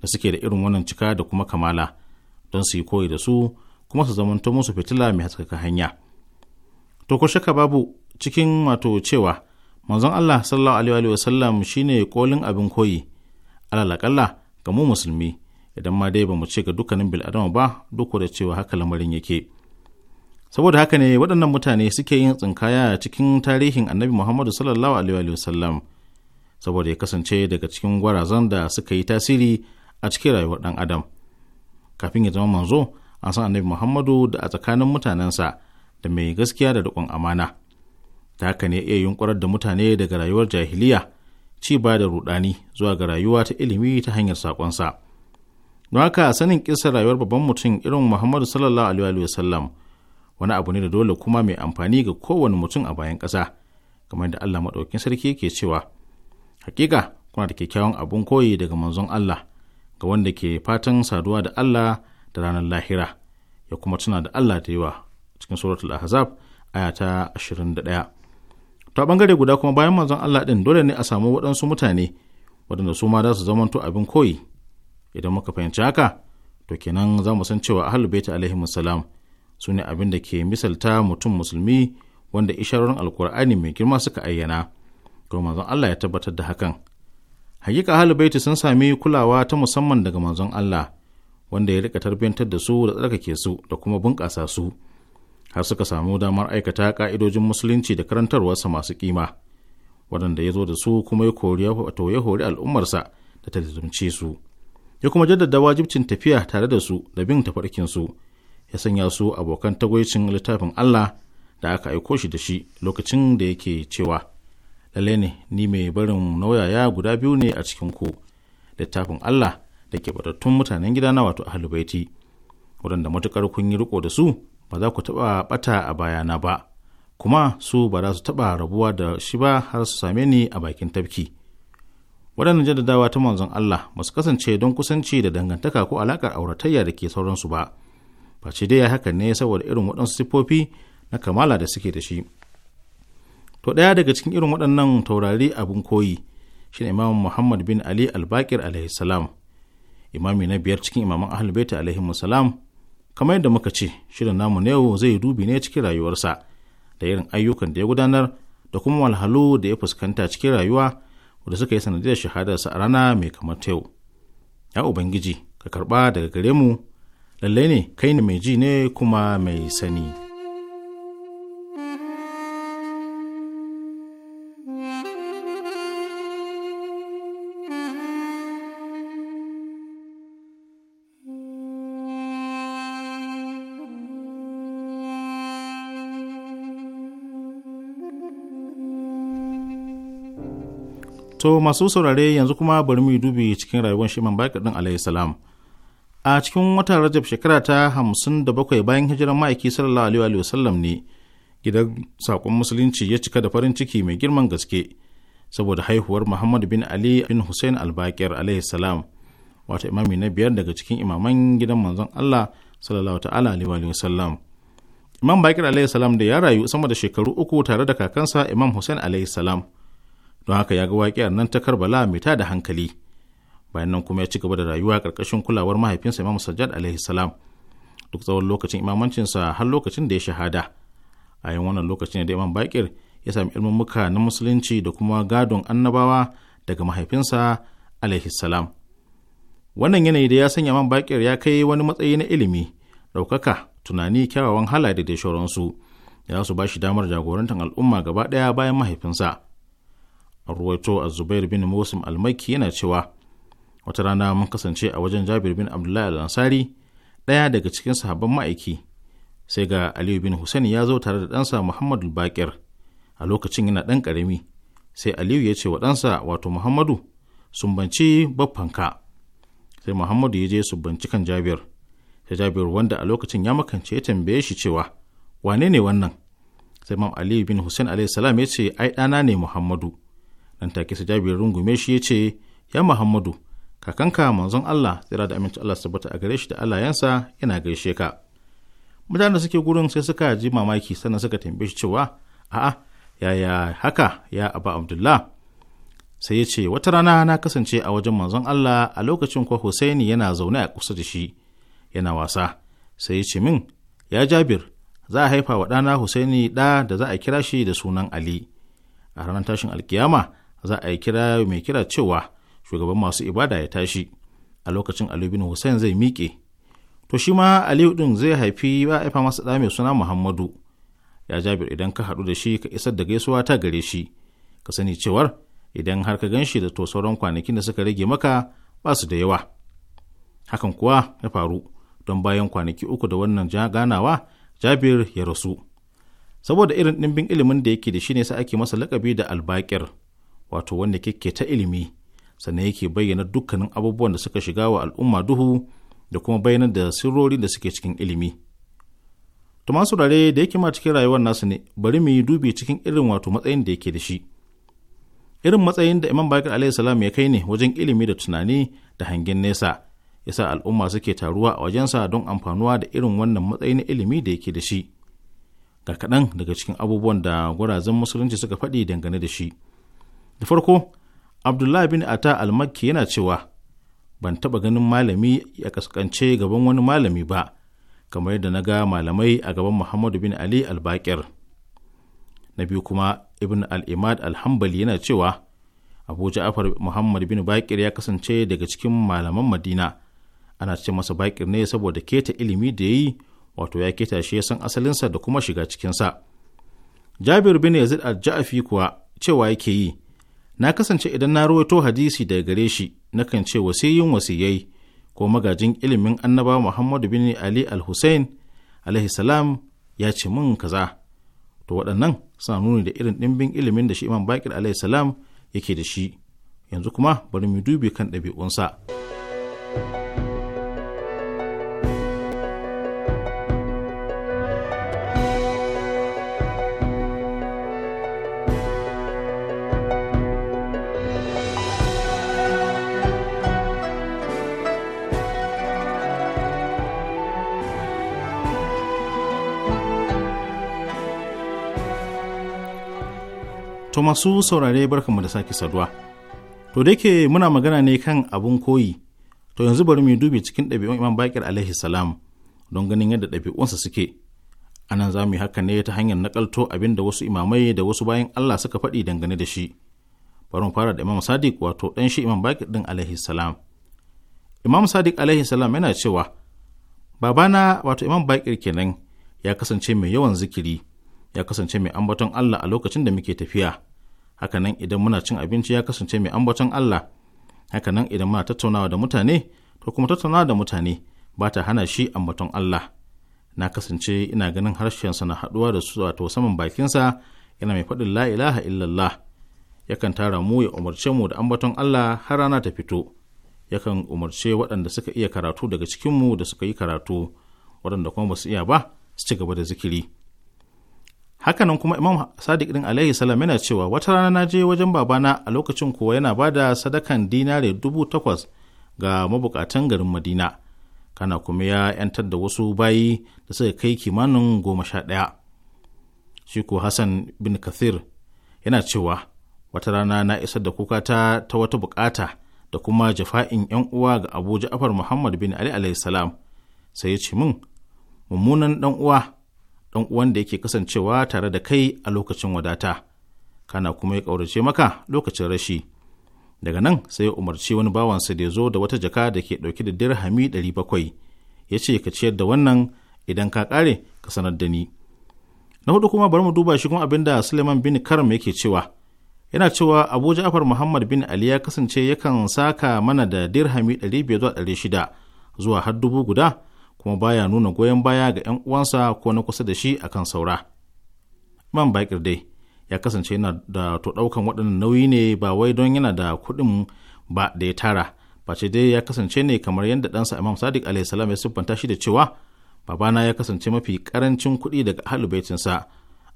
da suke da irin wannan cika da kuma kamala don su yi koyi da su kuma su zamanto musu fitila mai haskaka hanya to ko shaka babu cikin wato cewa manzon Allah sallallahu alaihi wa sallam shine kolin abin koyi aqalla ga mu musulmi idan ma dai bamu ce ga dukkanin bil'adama ba duk da cewa haka lamarin yake saboda haka ne waɗannan mutane suke yin tsinkaya cikin tarihin annabi muhammadu sallallahu alaihi wasallam saboda ya kasance daga cikin gwarazan da suka yi tasiri a cikin rayuwar ɗan adam kafin ya zama manzo an san annabi muhammadu da a tsakanin mutanensa da mai gaskiya da riƙon amana ta haka ne iya yunkurar da mutane daga rayuwar jahiliya ci ba da rudani zuwa ga rayuwa ta ilimi ta hanyar saƙonsa don haka sanin kisa rayuwar babban mutum irin muhammadu sallallahu alaihi wasallam wani abu ne da dole kuma mai amfani ga kowane mutum a bayan ƙasa kamar da Allah maɗaukin sarki ke cewa hakika kuna da kyakkyawan abun koyi daga manzon Allah ga wanda ke fatan saduwa da Allah da ranar lahira ya kuma tuna da Allah da yawa cikin suratul ahzab aya ta 21 to bangare guda kuma bayan manzon Allah din dole ne a samu waɗansu mutane waɗanda su ma za su zamanto abin koyi idan muka fahimci haka to kenan za mu san cewa ahlul baiti alaihimus salam su ne abin da ke misalta mutum musulmi wanda isharorin alkur'ani mai girma suka ayyana kuma manzon Allah ya tabbatar da hakan hakika ahlul baiti sun sami kulawa ta musamman daga manzon Allah wanda ya rika tarbiyantar da su da tsarkake su da kuma bunƙasa su har suka samu damar aikata ka'idojin musulunci da karantarwarsa masu kima waɗanda ya zo da su kuma ya kori wato ya hori al'ummarsa da ta su ya kuma jaddada wajibcin tafiya tare da su da bin tafarkin su ya sanya su abokan tagwacin littafin Allah da aka aiko shi da shi lokacin da yake cewa lalle ne ni mai barin nauyaya guda biyu ne a cikin ku littafin Allah da ke batattun mutanen gida gidana wato ahlul baiti waɗanda matuƙar kun yi riko da su ba za ku taɓa ɓata a bayana ba kuma su ba za su taɓa rabuwa da shi ba har su same ni a bakin tafki waɗannan jaddadawa ta manzon Allah ba su kasance don kusanci da dangantaka ko alaƙar auratayya da ke sauransu ba face dai ya hakan ne saboda irin waɗansu siffofi na kamala da suke da shi to ɗaya daga cikin irin waɗannan taurari abin koyi shine imam muhammad bin ali albakir alaihi salam imami na biyar cikin imaman ahlul alaihi salam kamar yadda muka ce shirin namu na yau zai dubi ne cikin rayuwarsa da irin ayyukan da ya gudanar da kuma walhalu da ya fuskanta cikin rayuwa wanda suka yi sanadiyar shahadarsa a rana mai kamar ta yau ya ubangiji ka karba daga gare mu lallai ne kai ne mai ji ne kuma mai sani. To masu saurare yanzu kuma bari mu yi dubi cikin rayuwar Shiman Baƙi ɗin alayhi salam. a cikin watan rajab shekara ta hamsin da bakwai bayan hijirar ma'aiki sallallahu alaihi sallam ne gidan saƙon musulunci ya cika da farin ciki mai girman gaske saboda haihuwar muhammad bin ali bin hussein albakir alaihi salam wato imami na biyar daga cikin imaman gidan manzon allah sallallahu ta'ala alaihi sallam imam bakir alaihi salam da ya rayu sama da shekaru uku tare da kakansa imam hussein alaihi salam don haka ya ga waƙiyar nan ta karbala mai ta da hankali bayan nan kuma ya ci gaba da rayuwa ƙarƙashin kulawar mahaifinsa Imam Sajjad alaihi salam duk tsawon lokacin imamancinsa har lokacin da ya shahada a yin wannan lokacin ne da Imam Bakir ya sami ilmin muka na musulunci da kuma gadon annabawa daga mahaifinsa alaihi salam wannan yanayi da ya sanya Imam Bakir ya kai wani matsayi na ilimi ɗaukaka tunani kyawawan halaye da shauransu ya su ba shi damar jagorantar al'umma gaba ɗaya bayan mahaifinsa. a ruwaito a zubair bin musim almaki yana cewa wata rana mun kasance a wajen jabir bin abdullahi al-ansari ɗaya daga cikin sahabban ma'aiki sai ga aliyu bin husaini ya zo tare da ɗansa muhammadu bakir a lokacin yana ɗan ƙarami sai aliyu ya ce wa ɗansa wato muhammadu sumbanci baffanka sai muhammadu ya je sumbanci kan jabir sai jabir wanda a lokacin ya makance ya tambaye shi cewa wane ne wannan sai mam aliyu bin hussein salam ya ce ai ɗana ne muhammadu nan take sai jabir rungume shi ya ce ya muhammadu kakanka manzon Allah tsira da aminci Allah tabbata a gare shi da yansa yana gaishe ka mutanen da suke gurin sai suka ji mamaki sannan suka tambaye shi cewa a'a yaya haka ya aba abdullah sai ya ce wata rana na kasance a wajen manzon Allah a lokacin kwa Husaini yana zaune a kusa da shi yana wasa sai ya ce min ya Jabir za a haifa wa ɗana Husaini ɗa da za a kira shi da sunan Ali a ranar tashin alkiyama za a yi kira mai kira cewa shugaban masu ibada ya tashi a lokacin alubin bin zai miƙe to shi ma aliyu din zai haifi ya haifa masa ɗa mai suna muhammadu ya jabir idan ka haɗu da shi ka isar da gaisuwa ta gare shi ka sani cewar idan har ka gan shi da to sauran kwanakin da suka rage maka ba su da yawa hakan kuwa ya faru don bayan kwanaki uku da wannan ganawa jabir ya rasu saboda irin ɗimbin ilimin da yake da shi ne sa ake masa lakabi da albakir wato wanda kike ta ilimi sannan yake bayyana dukkanin abubuwan da suka shiga wa al'umma duhu da kuma bayanan da sirrori da suke cikin ilimi. Tuma masu rare da yake ma cikin rayuwar nasu ne bari mu yi dubi cikin irin wato matsayin da yake da shi. Irin matsayin da Imam Bakar Alayhi salam ya kai ne wajen ilimi da tunani da hangen nesa yasa al'umma suke taruwa a wajensa don amfanuwa da irin wannan matsayin ilimi da yake da shi. Ga kaɗan daga cikin abubuwan da gwarazan musulunci suka faɗi dangane da shi. Da farko, Abdullahi bin Ata al yana cewa, Ban taɓa ganin malami ya kaskance gaban wani malami ba, kamar yadda na ga malamai a gaban Muhammadu bin Ali al-Baƙir. Na biyu kuma Ibn al-Imad al-Hambali yana cewa, Abu Ja'far Muhammad bin Baƙir ya kasance daga cikin malaman Madina. Ana ce masa Baƙir ne saboda keta ilimi da ya yi, wato ya keta shi ya san asalinsa da kuma shiga cikinsa. Jabir bin Yazid al-Ja'fi kuwa cewa yake yi, na kasance idan na ruwaito hadisi daga gare shi nakan ce wasiyin wasiyai ko magajin ilimin annaba muhammadu bin ali al-hussein alaihi salam ya ce mun kaza to waɗannan suna nuni da irin ɗimbin ilimin da shi imam bakir alaihi salam yake da shi yanzu kuma bari mu dubi kan ɗabi'unsa. To masu saurare barkanmu da sake saduwa. To da yake muna magana ne kan abun koyi, to yanzu bari mu dubi cikin ɗabi'un Imam Bakir alaihi salam don ganin yadda ɗabi'unsa suke. A nan za mu yi haka ne ta hanyar nakalto abin da wasu imamai da wasu bayan Allah suka faɗi dangane da shi. Bari mu fara da Imam Sadiq wato ɗan shi Imam Bakir ɗin alaihi salam. Imam Sadiq alaihi salam yana cewa babana wato Imam Bakir kenan ya kasance mai yawan zikiri ya kasance mai ambaton Allah a lokacin da muke tafiya hakanan idan muna cin abinci ya kasance mai ambaton Allah hakanan idan muna tattaunawa da mutane to kuma tattaunawa da mutane ba ta hana shi ambaton Allah na kasance ina ganin harshensa na haɗuwa da su wato saman bakinsa yana mai faɗin la'ilaha illallah yakan tara mu ya umarce mu da ambaton Allah har rana ta fito yakan umarce waɗanda suka iya karatu daga cikinmu da suka yi karatu waɗanda kuma ba su iya ba su ci gaba da zikiri hakanan kuma imam sadiq din alaihi salam yana cewa wata rana na je wajen babana a lokacin kuwa yana ba da sadakan dinare dubu takwas ga mabukatan garin madina kana kuma ya yantar da wasu bayi da suka kai kimanin goma sha ɗaya shi hassan bin kathir yana cewa wata rana na isa da kukata ta wata bukata da kuma jafa'in yan uwa ga abu ja'far muhammad bin ali alaihi salam sai ya ce min mummunan dan uwa ɗan uwan da yake kasancewa tare da kai a lokacin wadata kana kuma ya ƙaurace maka lokacin rashi daga nan sai ya umarci wani bawansa da ya zo da wata jaka da ke ɗauke da dirhami ɗari bakwai ya ce ka ciyar da wannan idan ka ƙare ka sanar da ni na hudu kuma bari mu duba shi kuma abin da suleiman bin karam yake cewa yana cewa abu ja'far muhammad bin ali ya kasance yakan saka mana da dirhami 500 zuwa har dubu guda kuma baya nuna goyon baya ga 'yan uwansa ko na kusa da shi akan saura. Man Bakir dai ya kasance yana da to ɗaukan waɗannan nauyi ne ba wai don yana da kuɗin ba da ya tara, face dai ya kasance ne kamar yadda ɗansa Imam Sadiq alaihissalam ya siffanta shi da cewa babana ya kasance mafi ƙarancin kuɗi daga ahlul baitinsa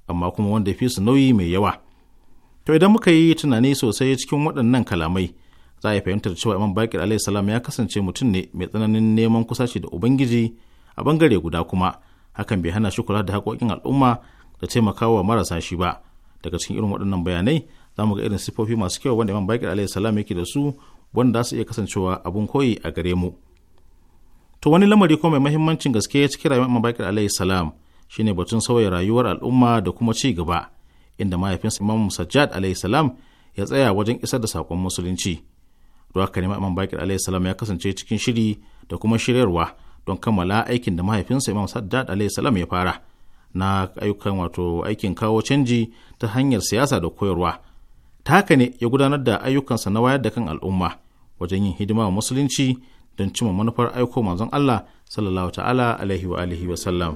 amma kuma wanda ya fi su nauyi mai yawa. To idan muka yi tunani sosai cikin waɗannan kalamai, za a fahimtar cewa imam bakir alayhi salam ya kasance mutum ne mai tsananin neman kusaci da ubangiji a bangare guda kuma hakan bai hana shi kula da haƙoƙin al'umma da taimakawa marasa shi ba daga cikin irin waɗannan bayanai za mu ga irin sifofi masu kyau wanda imam bakir alayhi salam yake da su wanda za su iya kasancewa abun koyi a gare mu to wani lamari ko mai mahimmancin gaske ya cikin rayuwar imam bakir alayhi salam shine batun sauya rayuwar al'umma da kuma ci gaba inda mahaifinsa imam sajjad alayhi salam ya tsaya wajen isar da saƙon musulunci don haka ne imam bakir alayhi salam ya kasance cikin shiri da kuma shiryarwa don kammala aikin da mahaifinsa imam saddad alayhi salam ya fara na ayyukan wato aikin kawo canji ta hanyar siyasa da koyarwa ta haka ne ya gudanar da ayyukansa na wayar da kan al'umma wajen yin hidima wa musulunci don cimma manufar aiko manzon Allah sallallahu ta'ala alaihi wa alihi wa sallam.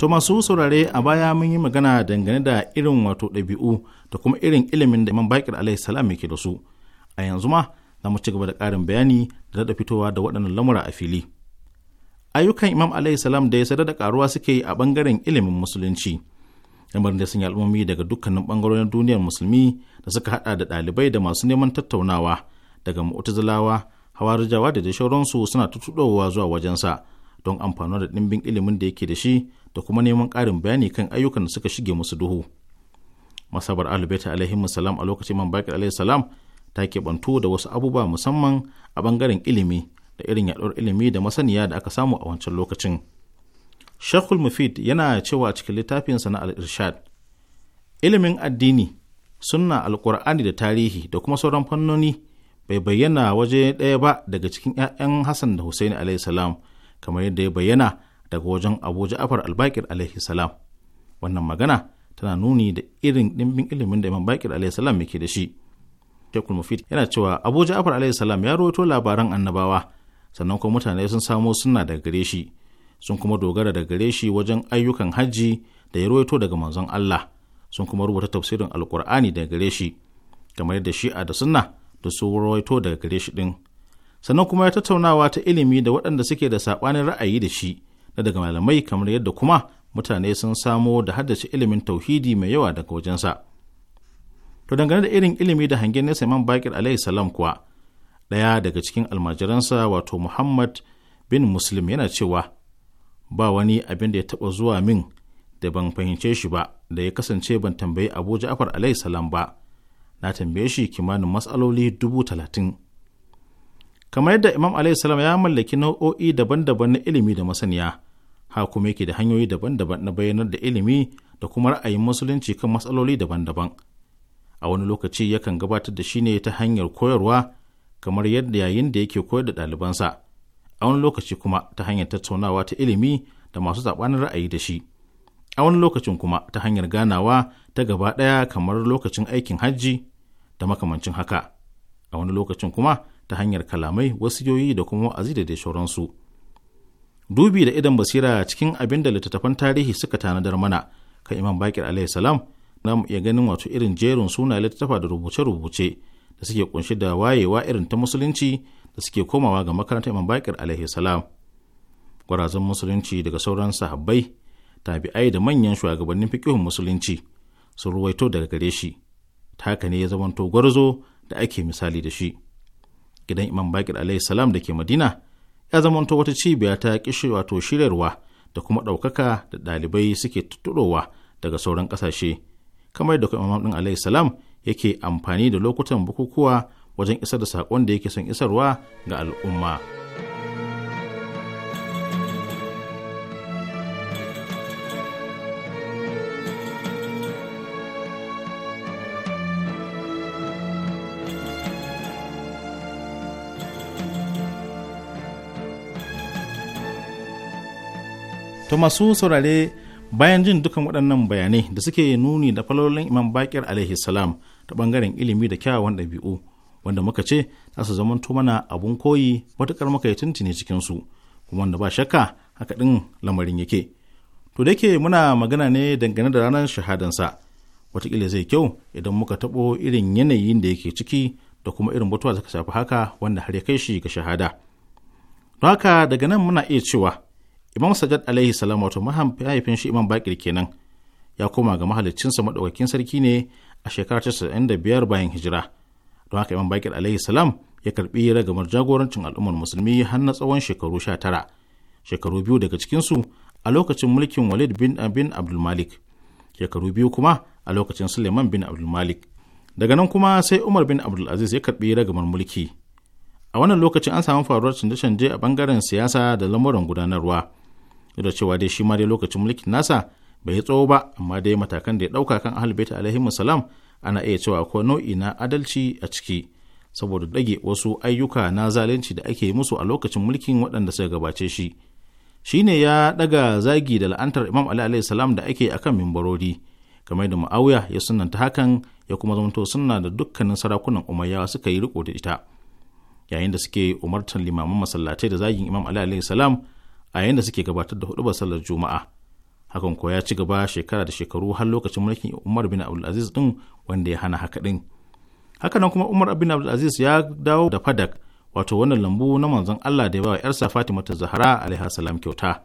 To masu saurare a baya mun yi magana dangane da irin wato ɗabi'u da kuma irin ilimin da Imam Bakir alaihi salam yake da su. A yanzu ma za mu ci gaba da karin bayani da daɗa fitowa da waɗannan lamura a fili. Ayyukan Imam alaihi salam da ya sadar da ƙaruwa suke yi a ɓangaren ilimin musulunci. Lamarin da sun yi al'ummomi daga dukkanin ɓangarorin duniyar musulmi da suka haɗa da ɗalibai da masu neman tattaunawa daga mu'tazilawa, hawarijawa da dai sauransu suna tutuɗowa zuwa wajensa don amfani da ɗimbin ilimin da yake da shi da kuma neman ƙarin bayani kan ayyukan da suka shige musu duhu masabar alubaita alaihi salam a lokacin man bakir alaihi salam ta keɓantu da wasu abubuwa musamman a bangaren ilimi da irin yaɗuwar ilimi da masaniya da aka samu a wancan lokacin shekul mufid yana cewa a cikin littafinsa na al-irshad ilimin addini sunna alkur'ani da tarihi da kuma sauran fannoni bai bayyana waje ɗaya ba daga cikin 'ya'yan hassan da husaini alaihi salam kamar yadda ya bayyana daga wajen abu al albakir alaihi salam wannan magana tana nuni da irin dimbin ilimin da imam bakir alaihi salam yake da shi Sheikhul mufid yana cewa abu Ja'far alaihi salam ya rawaito labaran annabawa sannan kuma mutane sun samo sunna daga gare shi sun kuma dogara daga gare shi wajen ayyukan hajji da ya rawaito daga manzon Allah sun kuma rubuta tafsirin alkur'ani daga gare shi kamar yadda shi'a da sunna da su rawaito daga gare shi din sannan kuma ya tattaunawa ta ilimi da waɗanda suke da saɓanin ra'ayi da shi na daga malamai kamar yadda kuma mutane sun samo da haddace ilimin tauhidi mai yawa daga wajensa. To dangane da irin ilimi da hangen nesa Imam Bakir alaihi salam kuwa ɗaya daga cikin almajiransa wato Muhammad bin Muslim yana cewa ba wani abin da ya taɓa zuwa min da ban fahimce shi ba da ya kasance ban tambayi Abu Ja'far alaihi salam ba na tambaye shi kimanin matsaloli dubu talatin. kamar yadda imam salam ya mallaki nau'o'i daban-daban na ilimi da masaniya ha kuma yake da hanyoyi daban-daban na bayyanar da ilimi da kuma ra'ayin musulunci kan matsaloli daban-daban a wani lokaci yakan gabatar da shi ne ta hanyar koyarwa kamar yadda yayin da yake koyar da ɗalibansa a wani lokaci kuma ta hanyar tattaunawa ta ilimi da masu zaɓanin ra'ayi da shi a wani lokacin kuma ta hanyar ganawa ta gaba ɗaya kamar lokacin aikin hajji da makamancin haka a wani lokacin kuma ta hanyar kalamai wasiyoyi da kuma wa'azi da dai sauransu dubi da idan basira cikin abin da littattafan tarihi suka tanadar mana kan imam bakir alayhi salam na mu iya ganin wato irin jerin suna littattafa da rubuce-rubuce da suke kunshi da wayewa irin ta musulunci da suke komawa ga makarantar imam bakir alayhi salam gwarazan musulunci daga sauran sahabbai tabi'ai da manyan shugabannin fikihun musulunci sun ruwaito daga gare shi ta haka ne ya zamanto gwarzo da ake misali da shi. gidan Imam Bakir alayhi salam da ke Madina ya zamanto wata cibiya ta kishi wato shiryarwa da kuma ɗaukaka da ɗalibai suke tuturowa daga sauran ƙasashe kamar da kuma Imam ɗin alayhi salam yake amfani da lokutan bukukuwa wajen isar da saƙon da yake son isarwa ga al'umma. to masu saurare bayan jin dukan waɗannan bayanai da suke nuni da falolin imam bakir alaihi salam ta ɓangaren ilimi da kyawawan ɗabi'u wanda muka ce za su zamanto mana abun koyi matuƙar muka yi tuntuni cikinsu kuma wanda ba shakka haka ɗin lamarin yake to da yake muna magana ne dangane da ranar shahadansa wataƙila zai kyau idan muka taɓo irin yanayin da yake ciki da kuma irin batuwa da suka shafi haka wanda har ya kai shi ga shahada. Don haka daga nan muna iya cewa imam sajjad alaihi salam wato mahaifin shi imam bakir kenan ya koma ga mahaliccinsa maɗaukakin sarki ne a shekarar biyar bayan hijira don haka imam bakir alaihi salam ya karɓi ragamar jagorancin al'ummar musulmi har na tsawon shekaru sha tara shekaru biyu daga cikinsu a lokacin mulkin walid bin bin abdulmalik shekaru biyu kuma a lokacin suleiman bin abdulmalik daga nan kuma sai umar bin abdulaziz ya karɓi ragamar mulki a wannan lokacin an samu faruwar canje-canje a bangaren siyasa da lamuran gudanarwa duk da cewa dai shi ma dai lokacin mulkin nasa bai yi tsawo ba amma dai matakan da ya ɗauka kan ahlul baiti alaihi musalam ana iya cewa ko nau'i na adalci a ciki saboda dage wasu ayyuka na zalunci da ake musu a lokacin mulkin waɗanda suka gabace shi shi ne ya ɗaga zagi da la'antar imam ali alaihi salam da ake akan mimbarori kamar da ma'auya ya sunanta hakan ya kuma zamanto suna da dukkanin sarakunan umayyawa suka yi riko da ita yayin da suke umartar limaman masallatai da zagin imam ali alaihi salam a yayin da suke gabatar da hudu sallar juma'a hakan ko ya ci gaba shekara da shekaru har lokacin mulkin umar bin abdulaziz din wanda ya hana haka din hakanan kuma umar bin abdulaziz ya dawo da fadak wato wannan lambu na manzon allah da ya bawa yarsa fatima ta zahara alaihi salam kyauta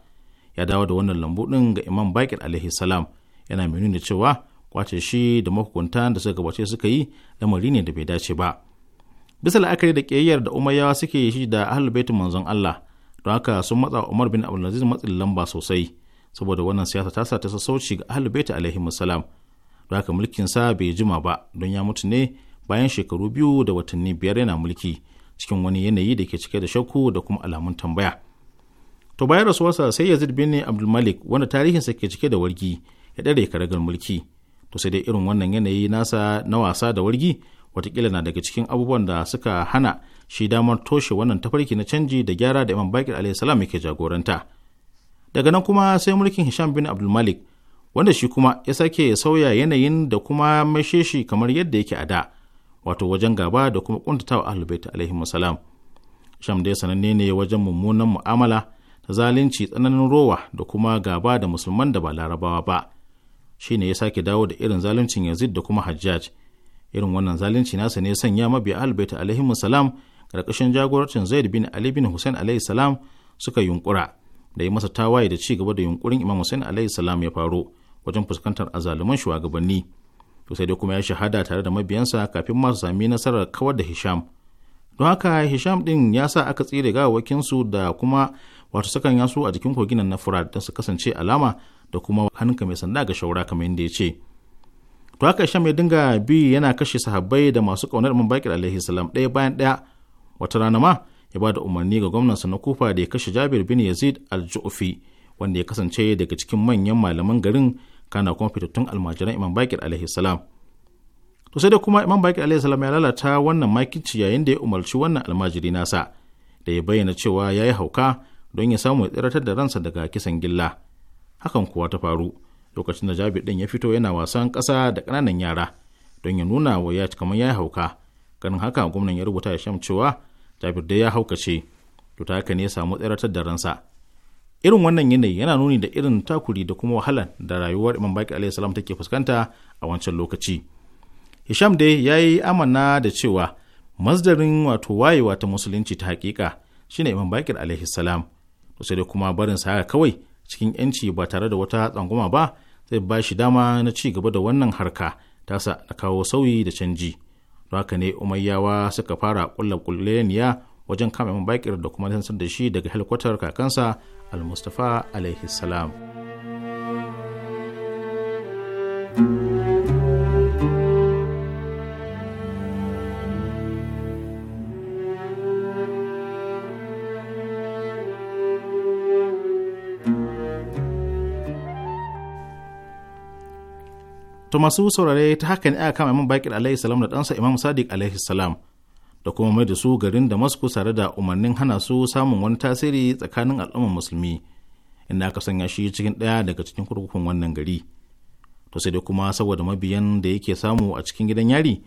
ya dawo da wannan lambu din ga imam bakir alaihi salam yana mai cewa kwace shi da mahukunta da suka gabace suka yi lamari ne da bai dace ba bisa la'akari da ƙiyayyar da umayyawa suke yi shi da ahlul baitin manzon allah don haka sun matsa umar bin abdulaziz matsin lamba sosai saboda wannan siyasa ta sa ta sassauci ga ahlul baiti alaihi salam don haka mulkin sa bai jima ba don ya mutu ne bayan shekaru biyu da watanni biyar yana mulki cikin wani yanayi da ke cike da shakku da kuma alamun tambaya to bayan rasuwarsa sai yazid bin abdul malik wanda tarihinsa ke cike da wargi ya dare karagar mulki to sai dai irin wannan yanayi nasa na wasa da wargi watakila na daga cikin abubuwan da suka hana shi damar toshe wannan tafarki na canji da gyara da Imam Bakir alayhi salam yake jagoranta. Daga nan kuma sai mulkin Hisham bin Abdul Malik wanda shi kuma ya sake sauya yanayin da kuma maishe shi kamar yadda yake a da wato wajen gaba da kuma kuntatawa Ahlul Bait alaihi salam. Hisham dai sananne ne wajen mummunan mu'amala ta zalunci tsananin rowa da kuma gaba da musulman da ba larabawa ba. Shi ne ya sake dawo da irin zaluncin Yazid da kuma Hajjaj. Irin wannan zalunci nasa ne sanya mabiya Ahlul Bait alaihi salam ƙarƙashin jagorancin zaid bin ali bin hussein alayhi salam suka yunkura da yi masa tawaye da ci gaba da yunkurin imam hussein alayhi salam ya faro wajen fuskantar azaluman shugabanni to sai dai kuma ya shahada tare da mabiyansa kafin masu sami nasarar kawar da hisham don haka hisham din ya sa aka tsire su da kuma wato sukan yasu a jikin kogin na furat don su kasance alama da kuma hannunka mai sanda ga shaura kamar yadda ya ce to haka hisham ya dinga bi yana kashe sahabbai da masu kaunar man bakir alaihi salam ɗaya bayan ɗaya wata rana ma ya ba da umarni ga gwamnansa na kufa da ya kashe jabir bin yazid al-ju'fi wanda ya kasance daga cikin manyan malaman garin kana kuma fitattun almajiran imam bakir alaihi salam to sai da kuma imam bakir alaihi salam ya lalata wannan makinci yayin da ya umarci wannan almajiri nasa da ya bayyana cewa ya yi hauka don ya samu ya tsiratar da ransa daga kisan gilla hakan kuwa ta faru lokacin da jabir din ya fito yana wasan kasa da kananan yara don ya nuna wa ya kamar ya yi hauka ganin haka gwamnan ya rubuta ya sham cewa jabir dai ya haukace to ta haka ne ya samu tsiratar da ransa irin wannan yanayi yana nuni da irin takuri da kuma wahalan da rayuwar imam baki alayhi salam take fuskanta a wancan lokaci hisham dai ya yi amana da cewa masdarin wato wayewa ta musulunci ta hakika shine imam bakir alayhi salam to sai dai kuma barin sa kawai cikin yanci ba tare da wata tsangwama ba zai ba shi dama na ci gaba da wannan harka tasa a kawo sauyi da canji don ne umayyawa suka fara kulla kulleniya wajen kama imam bakir da kuma tantar da shi daga helikwatar kakansa al-mustafa alaihi salam thank you To masu saurare ta haka ne aka kama Imam Bakir alaihi salam da ɗansa Imam Sadiq alaihi salam da kuma mai da su garin Damascus tare da umarnin hana su samun wani tasiri tsakanin al'ummar musulmi inda aka sanya shi cikin ɗaya daga cikin kurkukun wannan gari. To sai dai kuma saboda mabiyan da yake samu a cikin gidan yari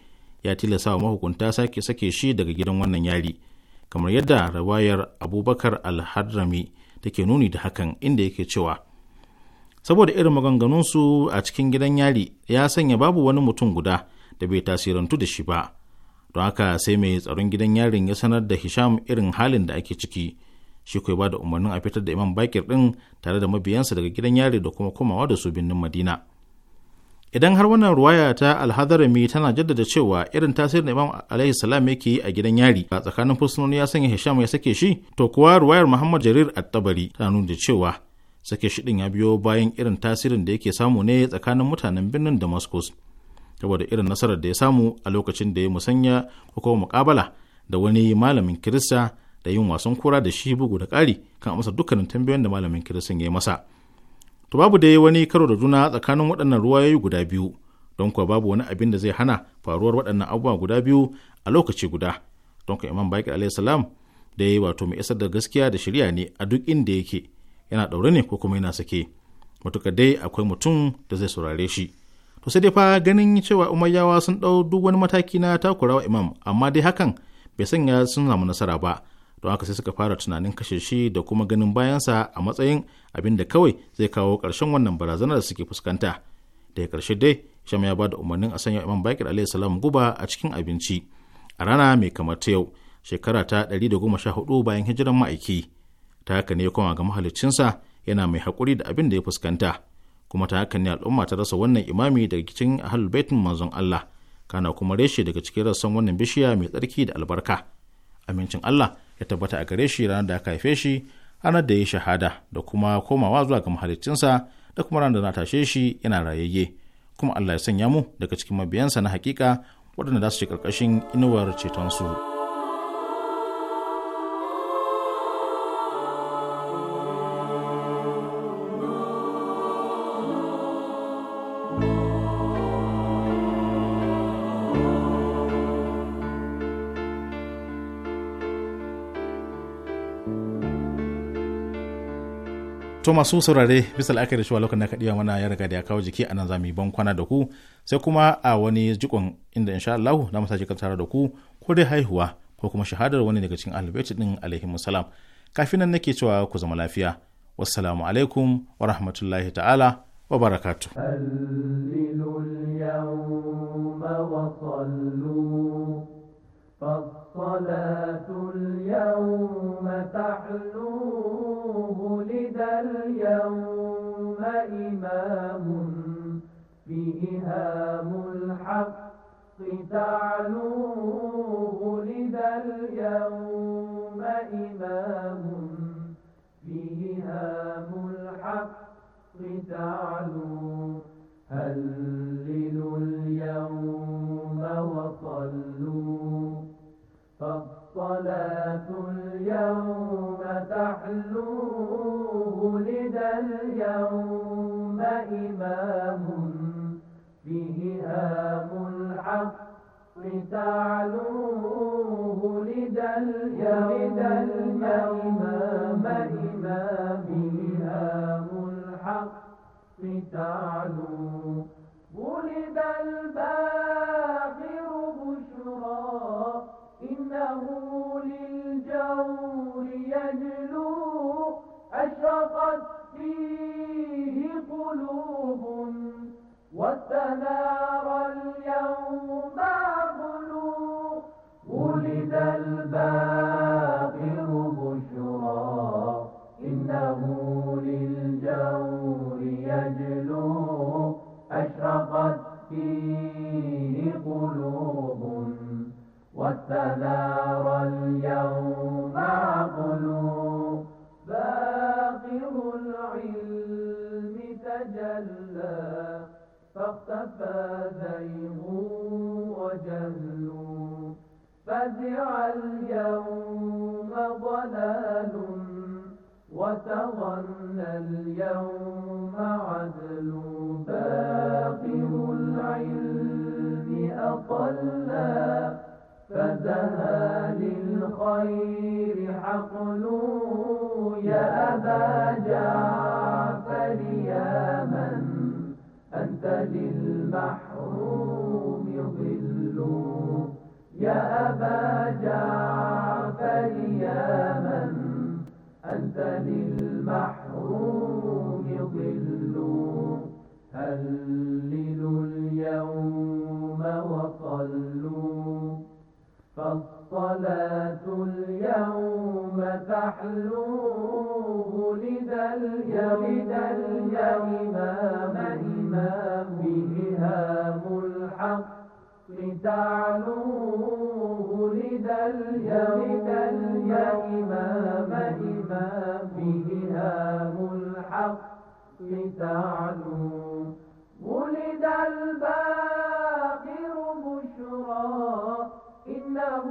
ya tilasta wa mahukunta sake sake shi daga gidan wannan yari kamar yadda rawayar Abubakar al-Hadrami take nuni da hakan inda yake cewa saboda irin maganganunsu a cikin gidan yari ya sanya babu wani mutum guda da bai tasirantu da shi ba don haka sai mai tsaron gidan yarin ya sanar da hisham irin halin da ake ciki shi kai ba da umarnin a fitar da imam bakir din tare da mabiyansa daga gidan yari da kuma komawa da su birnin madina idan har wannan ruwaya ta alhadarami tana jaddada cewa irin tasirin da imam alaihi salam yake yi a gidan yari a tsakanin fursunoni ya sanya hisham ya sake shi to kuwa ruwayar muhammad jarir at-tabari tana nuna cewa sake shiɗin ya biyo bayan irin tasirin da yake samu ne tsakanin mutanen birnin damascus saboda irin nasarar da ya samu a lokacin da ya musanya ko kuma mukabala da wani malamin kirista da yin wasan kura da shi bugu da ƙari kan amsa dukkanin tambayoyin da malamin kiristan ya yi masa to babu da wani karo da juna tsakanin waɗannan ruwayoyi guda biyu don kuwa babu wani abin da zai hana faruwar waɗannan abubuwa guda biyu a lokaci guda don kuwa imam baki alayhi salam da ya yi wato mai isar da gaskiya da shirya ne a duk inda yake yana ɗaure ne ko kuma yana sake matuka dai akwai mutum da zai saurare shi to sai dai fa ganin cewa umayyawa sun ɗau duk wani mataki na takurawa imam amma dai hakan bai sanya sun samu nasara ba don haka sai suka fara tunanin kashe shi da kuma ganin bayansa a matsayin abin da kawai zai kawo ƙarshen wannan barazanar da suke fuskanta daga ƙarshe dai sham ya ba da umarnin a sanya imam bakir alayhi salam guba a cikin abinci a rana mai kamar ta yau shekara ta 114 bayan hijiran ma'aiki ta haka ne ya koma ga mahalicinsa yana mai haƙuri da abin da ya fuskanta kuma ta haka ne al'umma ta rasa wannan imami daga cikin ahlul baitin manzon Allah kana kuma reshe daga cikin rassan wannan bishiya mai tsarki da albarka amincin Allah ya tabbata a gare shi ranar da aka haife shi ranar da ya shahada da kuma komawa zuwa ga mahalicinsa da kuma ranar da na tashe shi yana rayayye kuma Allah ya sanya mu daga cikin mabiyansa na hakika waɗanda za su ci ƙarƙashin inuwar cetonsu. su to masu saurare bisa la'akari cewa lokacin da ka ɗiya mana ya riga da ya kawo jiki a nan za mu ban kwana da ku sai kuma a wani jikon inda insha Allah za mu sake tare da ku ko dai haihuwa ko kuma shahadar wani daga cikin albaiti din alaihi musalam kafin nan nake cewa ku zama lafiya wassalamu alaikum wa rahmatullahi ta'ala wa barakatu هللوا اليوم فالصلاة اليوم تحلوه لدى اليوم إمام بإهام الحق تعلوه لدى اليوم إمام بإهام الحق تعلو هلل اليوم وصل فالصلاة اليوم تحلوه ولد اليوم إمام به هام الحق تعلوه ولد اليوم إمام به هام الحق تعلوه ولد الباب له للجور يجلو أشرقت فيه قلوب وتنارى اليوم بلو ولد الباقر بشرى إنه للجور تعلو ولد اليوم إمام إمام إمام الحق تعلو ولد الباقر بشرى إنه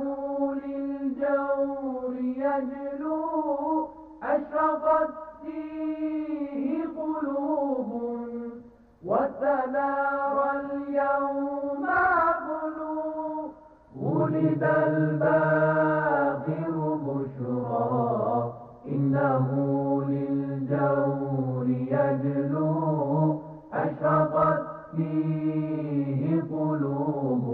للجور يجلو أشرقت فيه قلوب وتنارى اليوم عقلوا ولد الباقر بشرى إنه للجور يجلو أشرقت فيه قلوب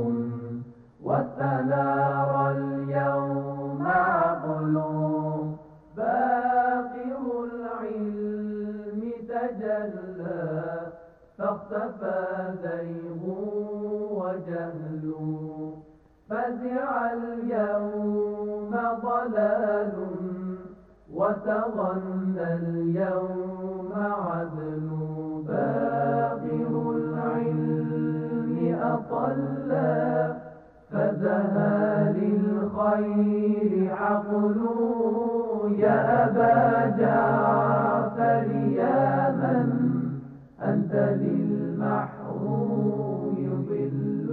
وتنارى اليوم عقلوا باقر العلم تجلى فاختفى زيغ وجهل فزع اليوم ضلال وتظن اليوم عدل باقر العلم أطلا فزها للخير عقل يا أبا جعفر يا من أنت للمحروم يضل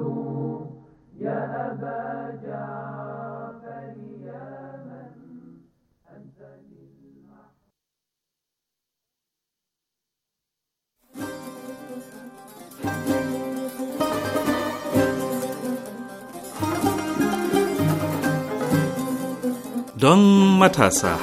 يا أبا جعفر يا من أنت للمحروم Don متاسح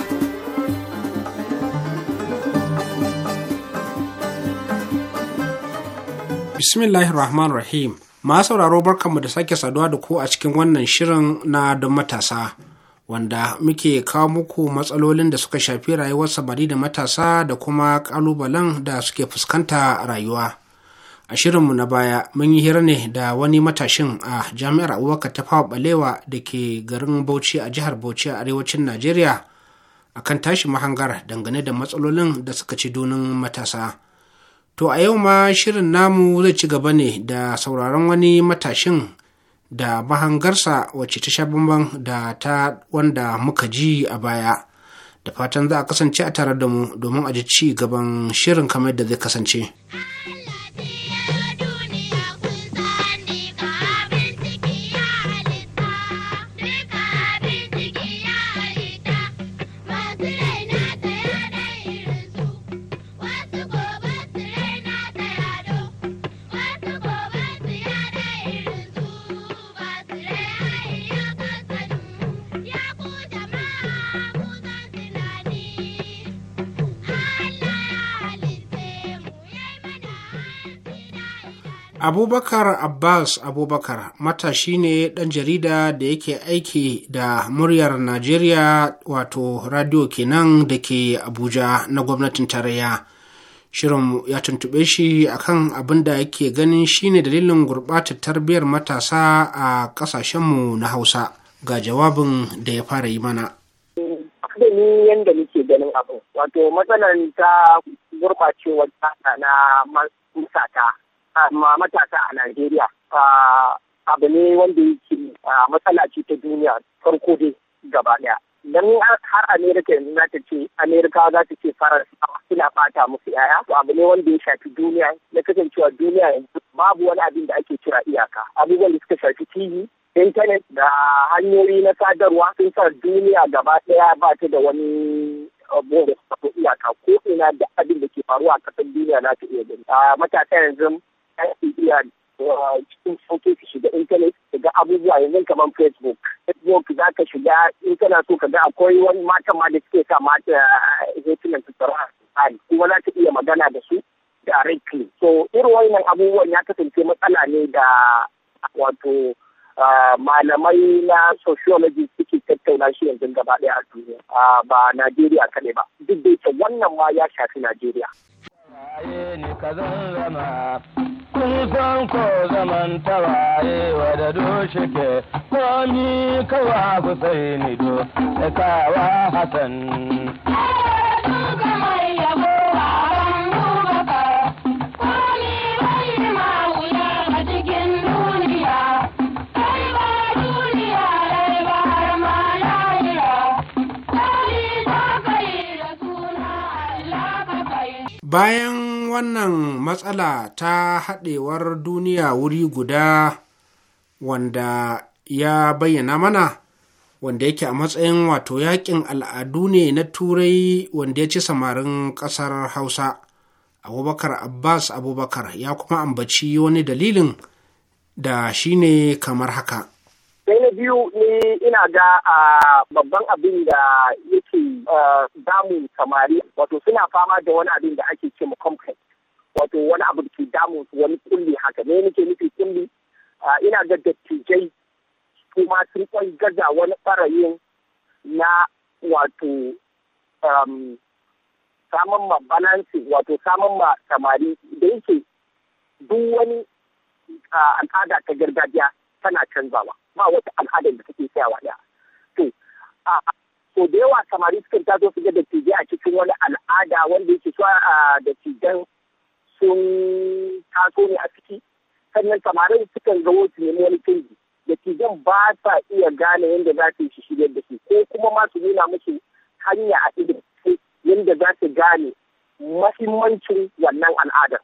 bismillahir rahman rahim ma sauraro barkanmu da sake saduwa da ku a cikin wannan shirin na don matasa wanda muke kawo muku matsalolin da suka shafi rayuwar samari da matasa da kuma kalubalen da suke fuskanta rayuwa a shirin mu na baya mun yi hira ne da wani matashin a jami'ar abubakar ta fawa balewa da ke garin bauchi a jihar bauchi a arewacin najeriya akan tashi mahangar dangane da matsalolin da suka ci dunin matasa To a yau ma shirin namu zai ci gaba ne da sauraron wani matashin da mahangarsa wacce ta sha bamban da ta wanda muka ji a baya. Da fatan za a kasance a tare da mu domin a ji ci gaban shirin kamar da zai kasance. abubakar abbas abubakar matashi ne ɗan jarida da yake aiki da muryar najeriya wato radio kenan da ke abuja na gwamnatin tarayya shirin ya tuntube shi akan abin da yake ganin shine dalilin gurɓata tarbiyyar matasa a ƙasashenmu na hausa ga jawabin da ya fara yi mana ni yadda nake ganin abu wato matsalar ta gurɓacewar na musata. a matasa a Najeriya abu ne wanda yake matsala ce ta duniya farko dai gaba daya. Dan har Amerika yanzu za ta ce Amerika za ta ce fara suna fata musu yaya abu ne wanda ya shafi duniya na kasancewa duniya yanzu babu wani abin da ake kira iyaka abubuwan da suka shafi TV Internet. da hanyoyi na sadarwa sun sa duniya gaba daya ba ta da wani abubuwan uh, da iyaka ko ina da abin da ke faruwa a kasar duniya na ta iya gani matasa yanzu ake iya uh, cikin sauƙi ka shiga intanet ka ga abubuwa yanzu kamar facebook facebook za ka shiga in kana so ka ga akwai wani mata ma da suke sa mata hotunan uh, su tsara kuma za ta iya magana da su directly so irin wannan abubuwan ya kasance matsala ne da wato uh, malamai na sociology suke tattauna shi yanzu gaba ɗaya a duniya ba Najeriya kaɗai ba duk da wannan ma ya shafi Najeriya. ni ka zama kun san ko zaman tawaye wada doshi ke komi kawa ku sai ni do kawa hasan. Ai, bayan wannan matsala ta haɗewar duniya wuri guda wanda ya bayyana mana wanda yake a matsayin wato yakin al'adu ne na turai wanda ya ci samarin ƙasar hausa abubakar abbas abubakar ya kuma ambaci wani dalilin da shine kamar haka sai na biyu ni ina ga a babban abin da yake damun samari wato suna fama da wani abin da ake ce complex wato wani abu da ke damun su wani kulli haka ne nake nufi kulli ina ga dattijai kuma sun kwan gaza wani farayin na wato samun ma balansi wato samun ma samari da yake duk wani al'ada ta gargajiya tana canzawa ba wata al'adar da take tsayawa da to a so da yawa samari sukan taso su ga dattijai a cikin wani al'ada wanda yake so da tijan sun taso ne a ciki sannan samarin sukan ga wasu nemi wani canji da ba sa iya gane yadda za su yi shigar da su ko kuma ma su nuna musu hanya a idan yadda za su gane mahimmancin wannan al'adar.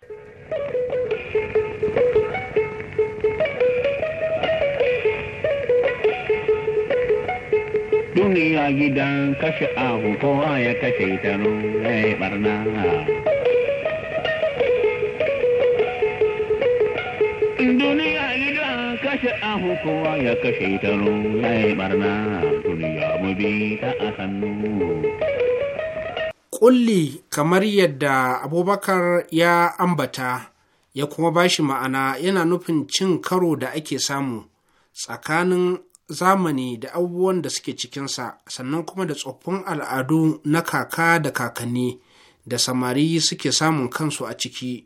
duniya gidan kashe abu kowa ya kashe ta ya barna duniya gidan kashe abu kowa ya kashe ta ya barna duniya ta a sannu kulli kamar yadda abubakar ya ambata ya kuma bashi ma'ana yana nufin cin karo da ake samu tsakanin zamani da abubuwan da suke cikinsa sannan kuma da tsoffin al'adu na kaka da kakanni da samari suke samun kansu a ciki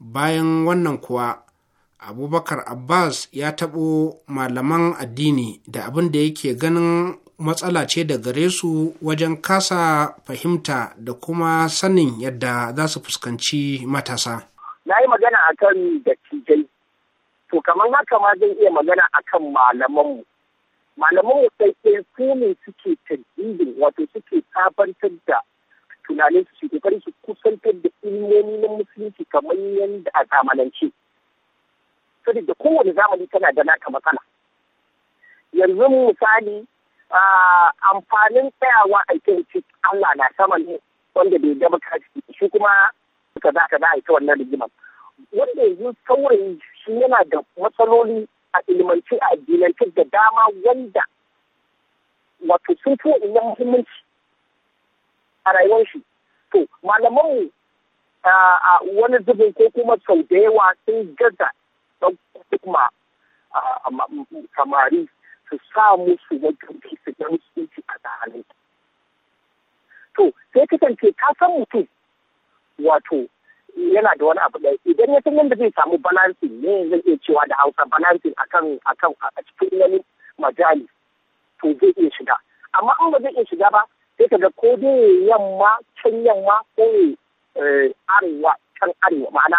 bayan wannan kuwa abubakar abbas ya taɓo malaman addini da abin da yake ganin matsala ce da gare su wajen kasa fahimta da kuma sanin yadda za su fuskanci matasa na yi magana a kan dattijai to kamar haka ma zan iya magana a kan malamanmu malaman wasaikai su ne suke tajibin wato suke sabantar da tunanin su kokari su kusantar da ilmomi na musulunci kamar yadda a zamanance da kowane zamani tana da naka matsala yanzu misali amfanin tsayawa a wuce Allah na sama ne wanda bai gaba kashi shi kuma za ka za a ita wannan rigimar wanda yanzu saurayi shi yana da matsaloli a ilimantu, a addinance da dama wanda wato sun fi wa'innan muhimmanci a rayuwar shi to malamanmu a wani zubin ko kuma sau da yawa sun gaza don kuma samari su samu musu wajen su don su ci a zahalin to sai kasance ta san mutum wato yana da wani abu ɗaya idan ya san yadda zai samu balancing ne zai iya cewa da hausa balancing akan akan a cikin wani majali to zai iya shiga amma in ba zai iya shiga ba sai ka ga ko dai yamma can yamma ko eh, arewa can arewa ma'ana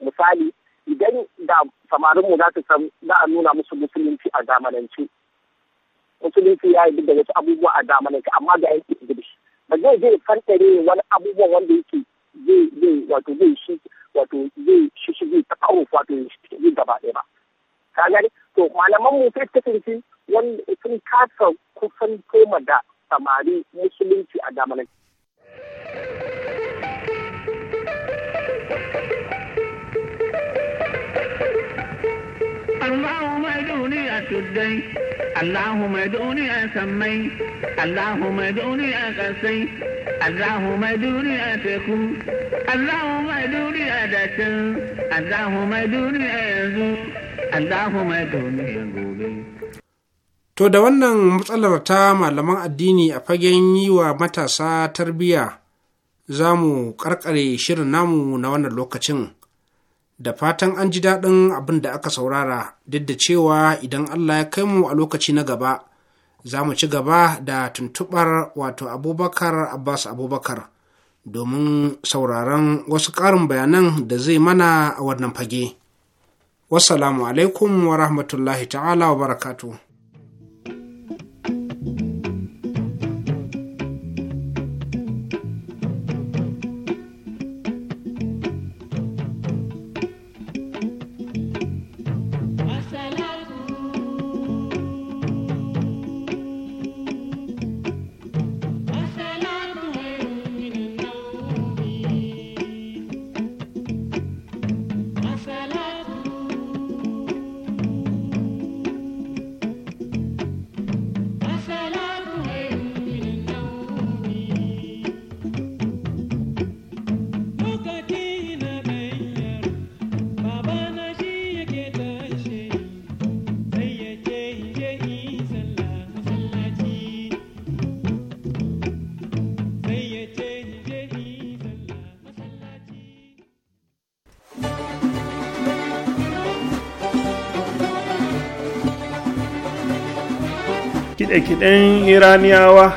misali idan da samarin mu za su san za a nuna musu musulunci a zamanance musulunci ya yi duk da wasu abubuwa a zamanance amma ga yanki ingilishi ba zai je fantare wani abubuwan wanda yake zai zai wato zai shi wato zai shi shi zai ta kawo wato shi gaba ɗaya ba ka gani to malaman mu sai shi wani sun kasa kusan koma da samari musulunci a zamanin اللهم a tuddai. اللهم دوني أسمي اللهم دوني أقصي اللهم دوني أتكو اللهم دوني أدت اللهم دوني أزو اللهم دوني أقولي To da wannan matsalar ta malaman addini a fagen yi wa matasa tarbiya za mu ƙarƙare shirin namu na wannan lokacin. da fatan an ji daɗin abin da aka saurara duk da cewa idan Allah ya kai mu a lokaci na gaba za mu ci gaba da tuntuɓar wato abubakar abbas abubakar domin sauraron wasu ƙarin bayanan da zai mana a wannan fage. Wassalamu alaikum wa rahmatullahi ta'ala wa barakatu. kide-kiden iraniyawa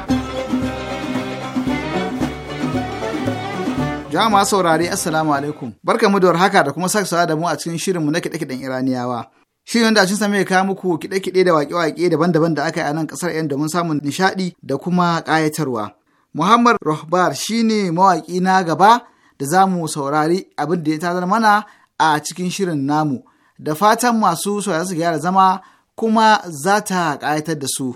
jama'a saurari assalamu alaikum mu da warhaka da kuma sake da mu a cikin shirinmu na kiɗe-kiɗen iraniyawa Shirin da cin same kawo muku kiɗe-kiɗe da waƙe-waƙe daban-daban da aka yi a nan kasar yan domin samun nishaɗi da kuma ƙayatarwa. Muhammad Rohbar shine mawaki na gaba da za mu saurari abin da ya tazar mana a cikin shirin namu. Da fatan masu saurari su gyara zama kuma za ta ƙayatar da su.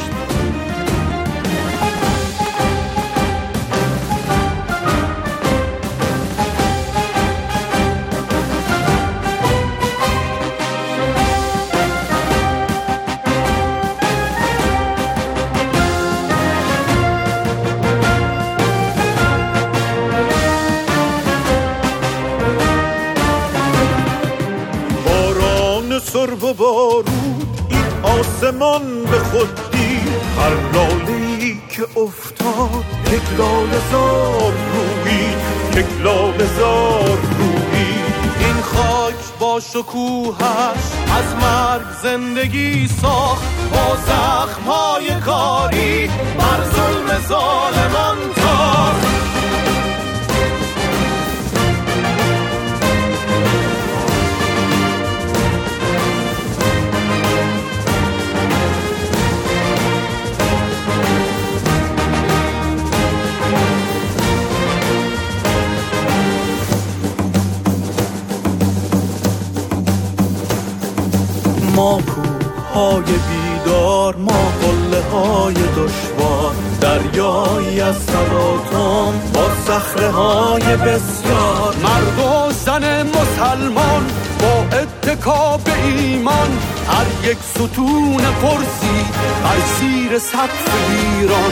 من به خودی هر لاله که افتاد یک لاله زار روی یک لاله زار این خاک با شکوهش از مرگ زندگی ساخت با زخمهای کاری بر ظلم ظالمان تا ما بیدار ما قله های دشوار دریایی از سراتان با سخره های بسیار مرد و زن مسلمان با اتکاب ایمان هر یک ستون پرسی بر زیر سطح ایران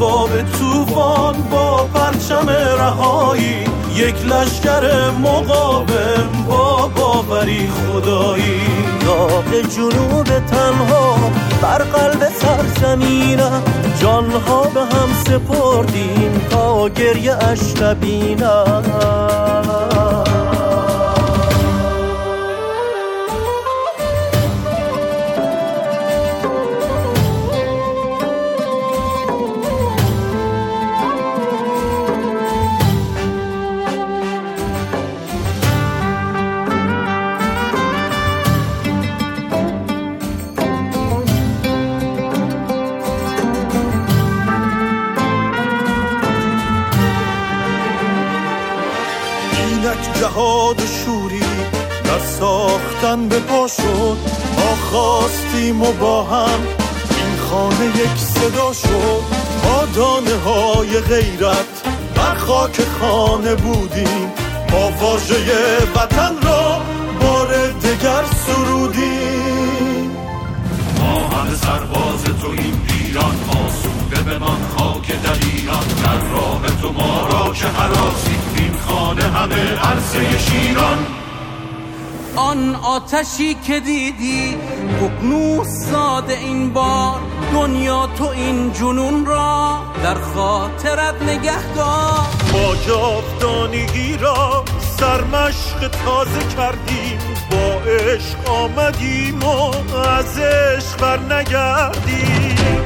جواب توفان با پرچم رهایی یک لشکر مقاوم با باوری خدایی داغ جنوب تنها بر قلب سرزمینم جانها به هم سپردیم تا گریه اش نهاد شوری در ساختن به پا شد ما خواستیم و با هم این خانه یک صدا شد ما دانه های غیرت بر خاک خانه بودیم ما واژه وطن را بار دگر سرودیم ما هم سرباز تو این ایران آسوده به من خاک در ایران در راه تو ما را چه حراسی همه عرصه شیران آن آتشی که دیدی بقنوس ساده این بار دنیا تو این جنون را در خاطرت نگه دار ما جاودانگی را سرمشق تازه کردیم با عشق آمدیم و از عشق نگردیم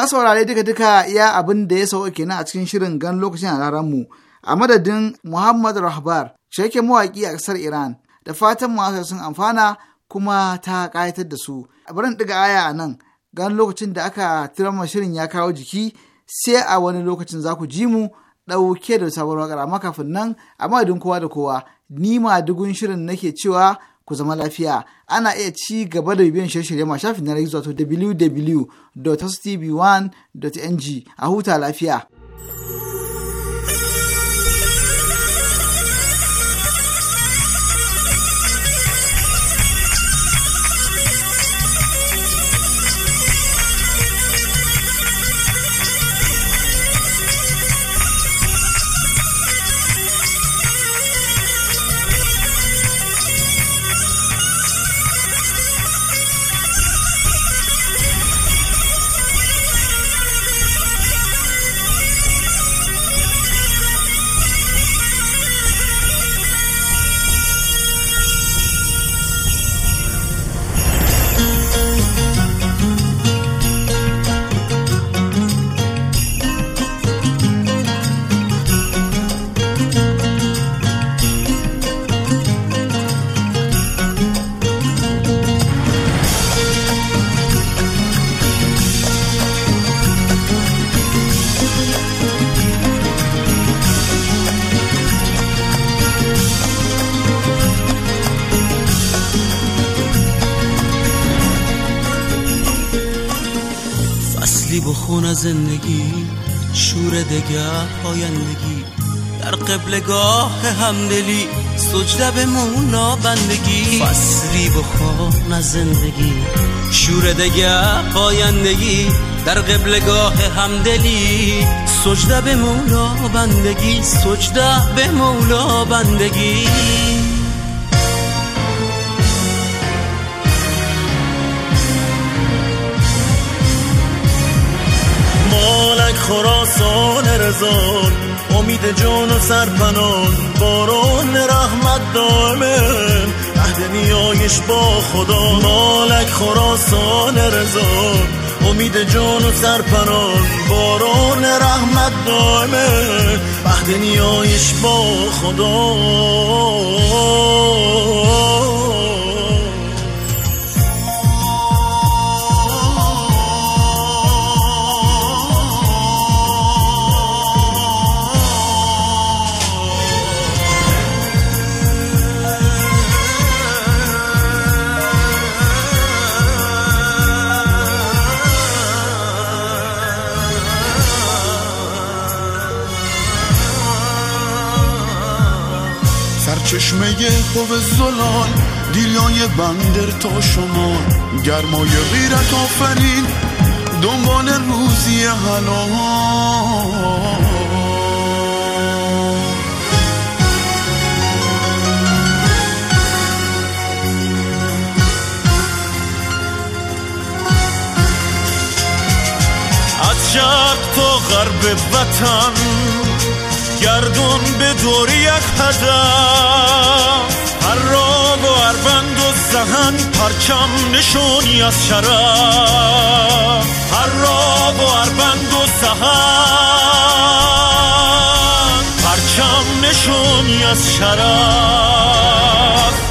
ma saurare duka duka iya abin da ya sauka kenan a cikin shirin gan lokacin a mu a madadin Muhammad Rahbar sheke mawaƙi a ƙasar Iran da fatan masu sun amfana kuma ta ƙayatar da su. Barin ɗiga aya a nan gan lokacin da aka tirama shirin ya kawo jiki sai a wani lokacin za ku ji mu ɗauke da sabon waƙar amma kafin nan a madadin kowa da kowa ni ma dugun shirin nake cewa ku zama lafiya ana iya ci gaba da bibiyan shirye-shirye ma shafin na gizo wato www.tv1.ng a huta lafiya. زندگی شور دگه پایندگی در قبلگاه همدلی سجده به مونا بندگی فصلی بخوان از زندگی شور دگه پایندگی در قبلگاه همدلی سجده به مولا بندگی سجده به مولا بندگی خراسان رزان امید جان و سرپنان باران رحمت دائمه عهد نیایش با خدا مالک خراسان رزان امید جان و سرپنان باران رحمت دائمه عهد نیایش با خدا همه خوب زلال دیلای بندر تا شما گرمای غیرت آفرین دنبال روزی حلال از شرق تا غرب وطن گردون به دور یک هدف هر راب و اربند و زهن پرچم نشونی از شرف هر راب و اربند و زهن پرچم نشونی از شرف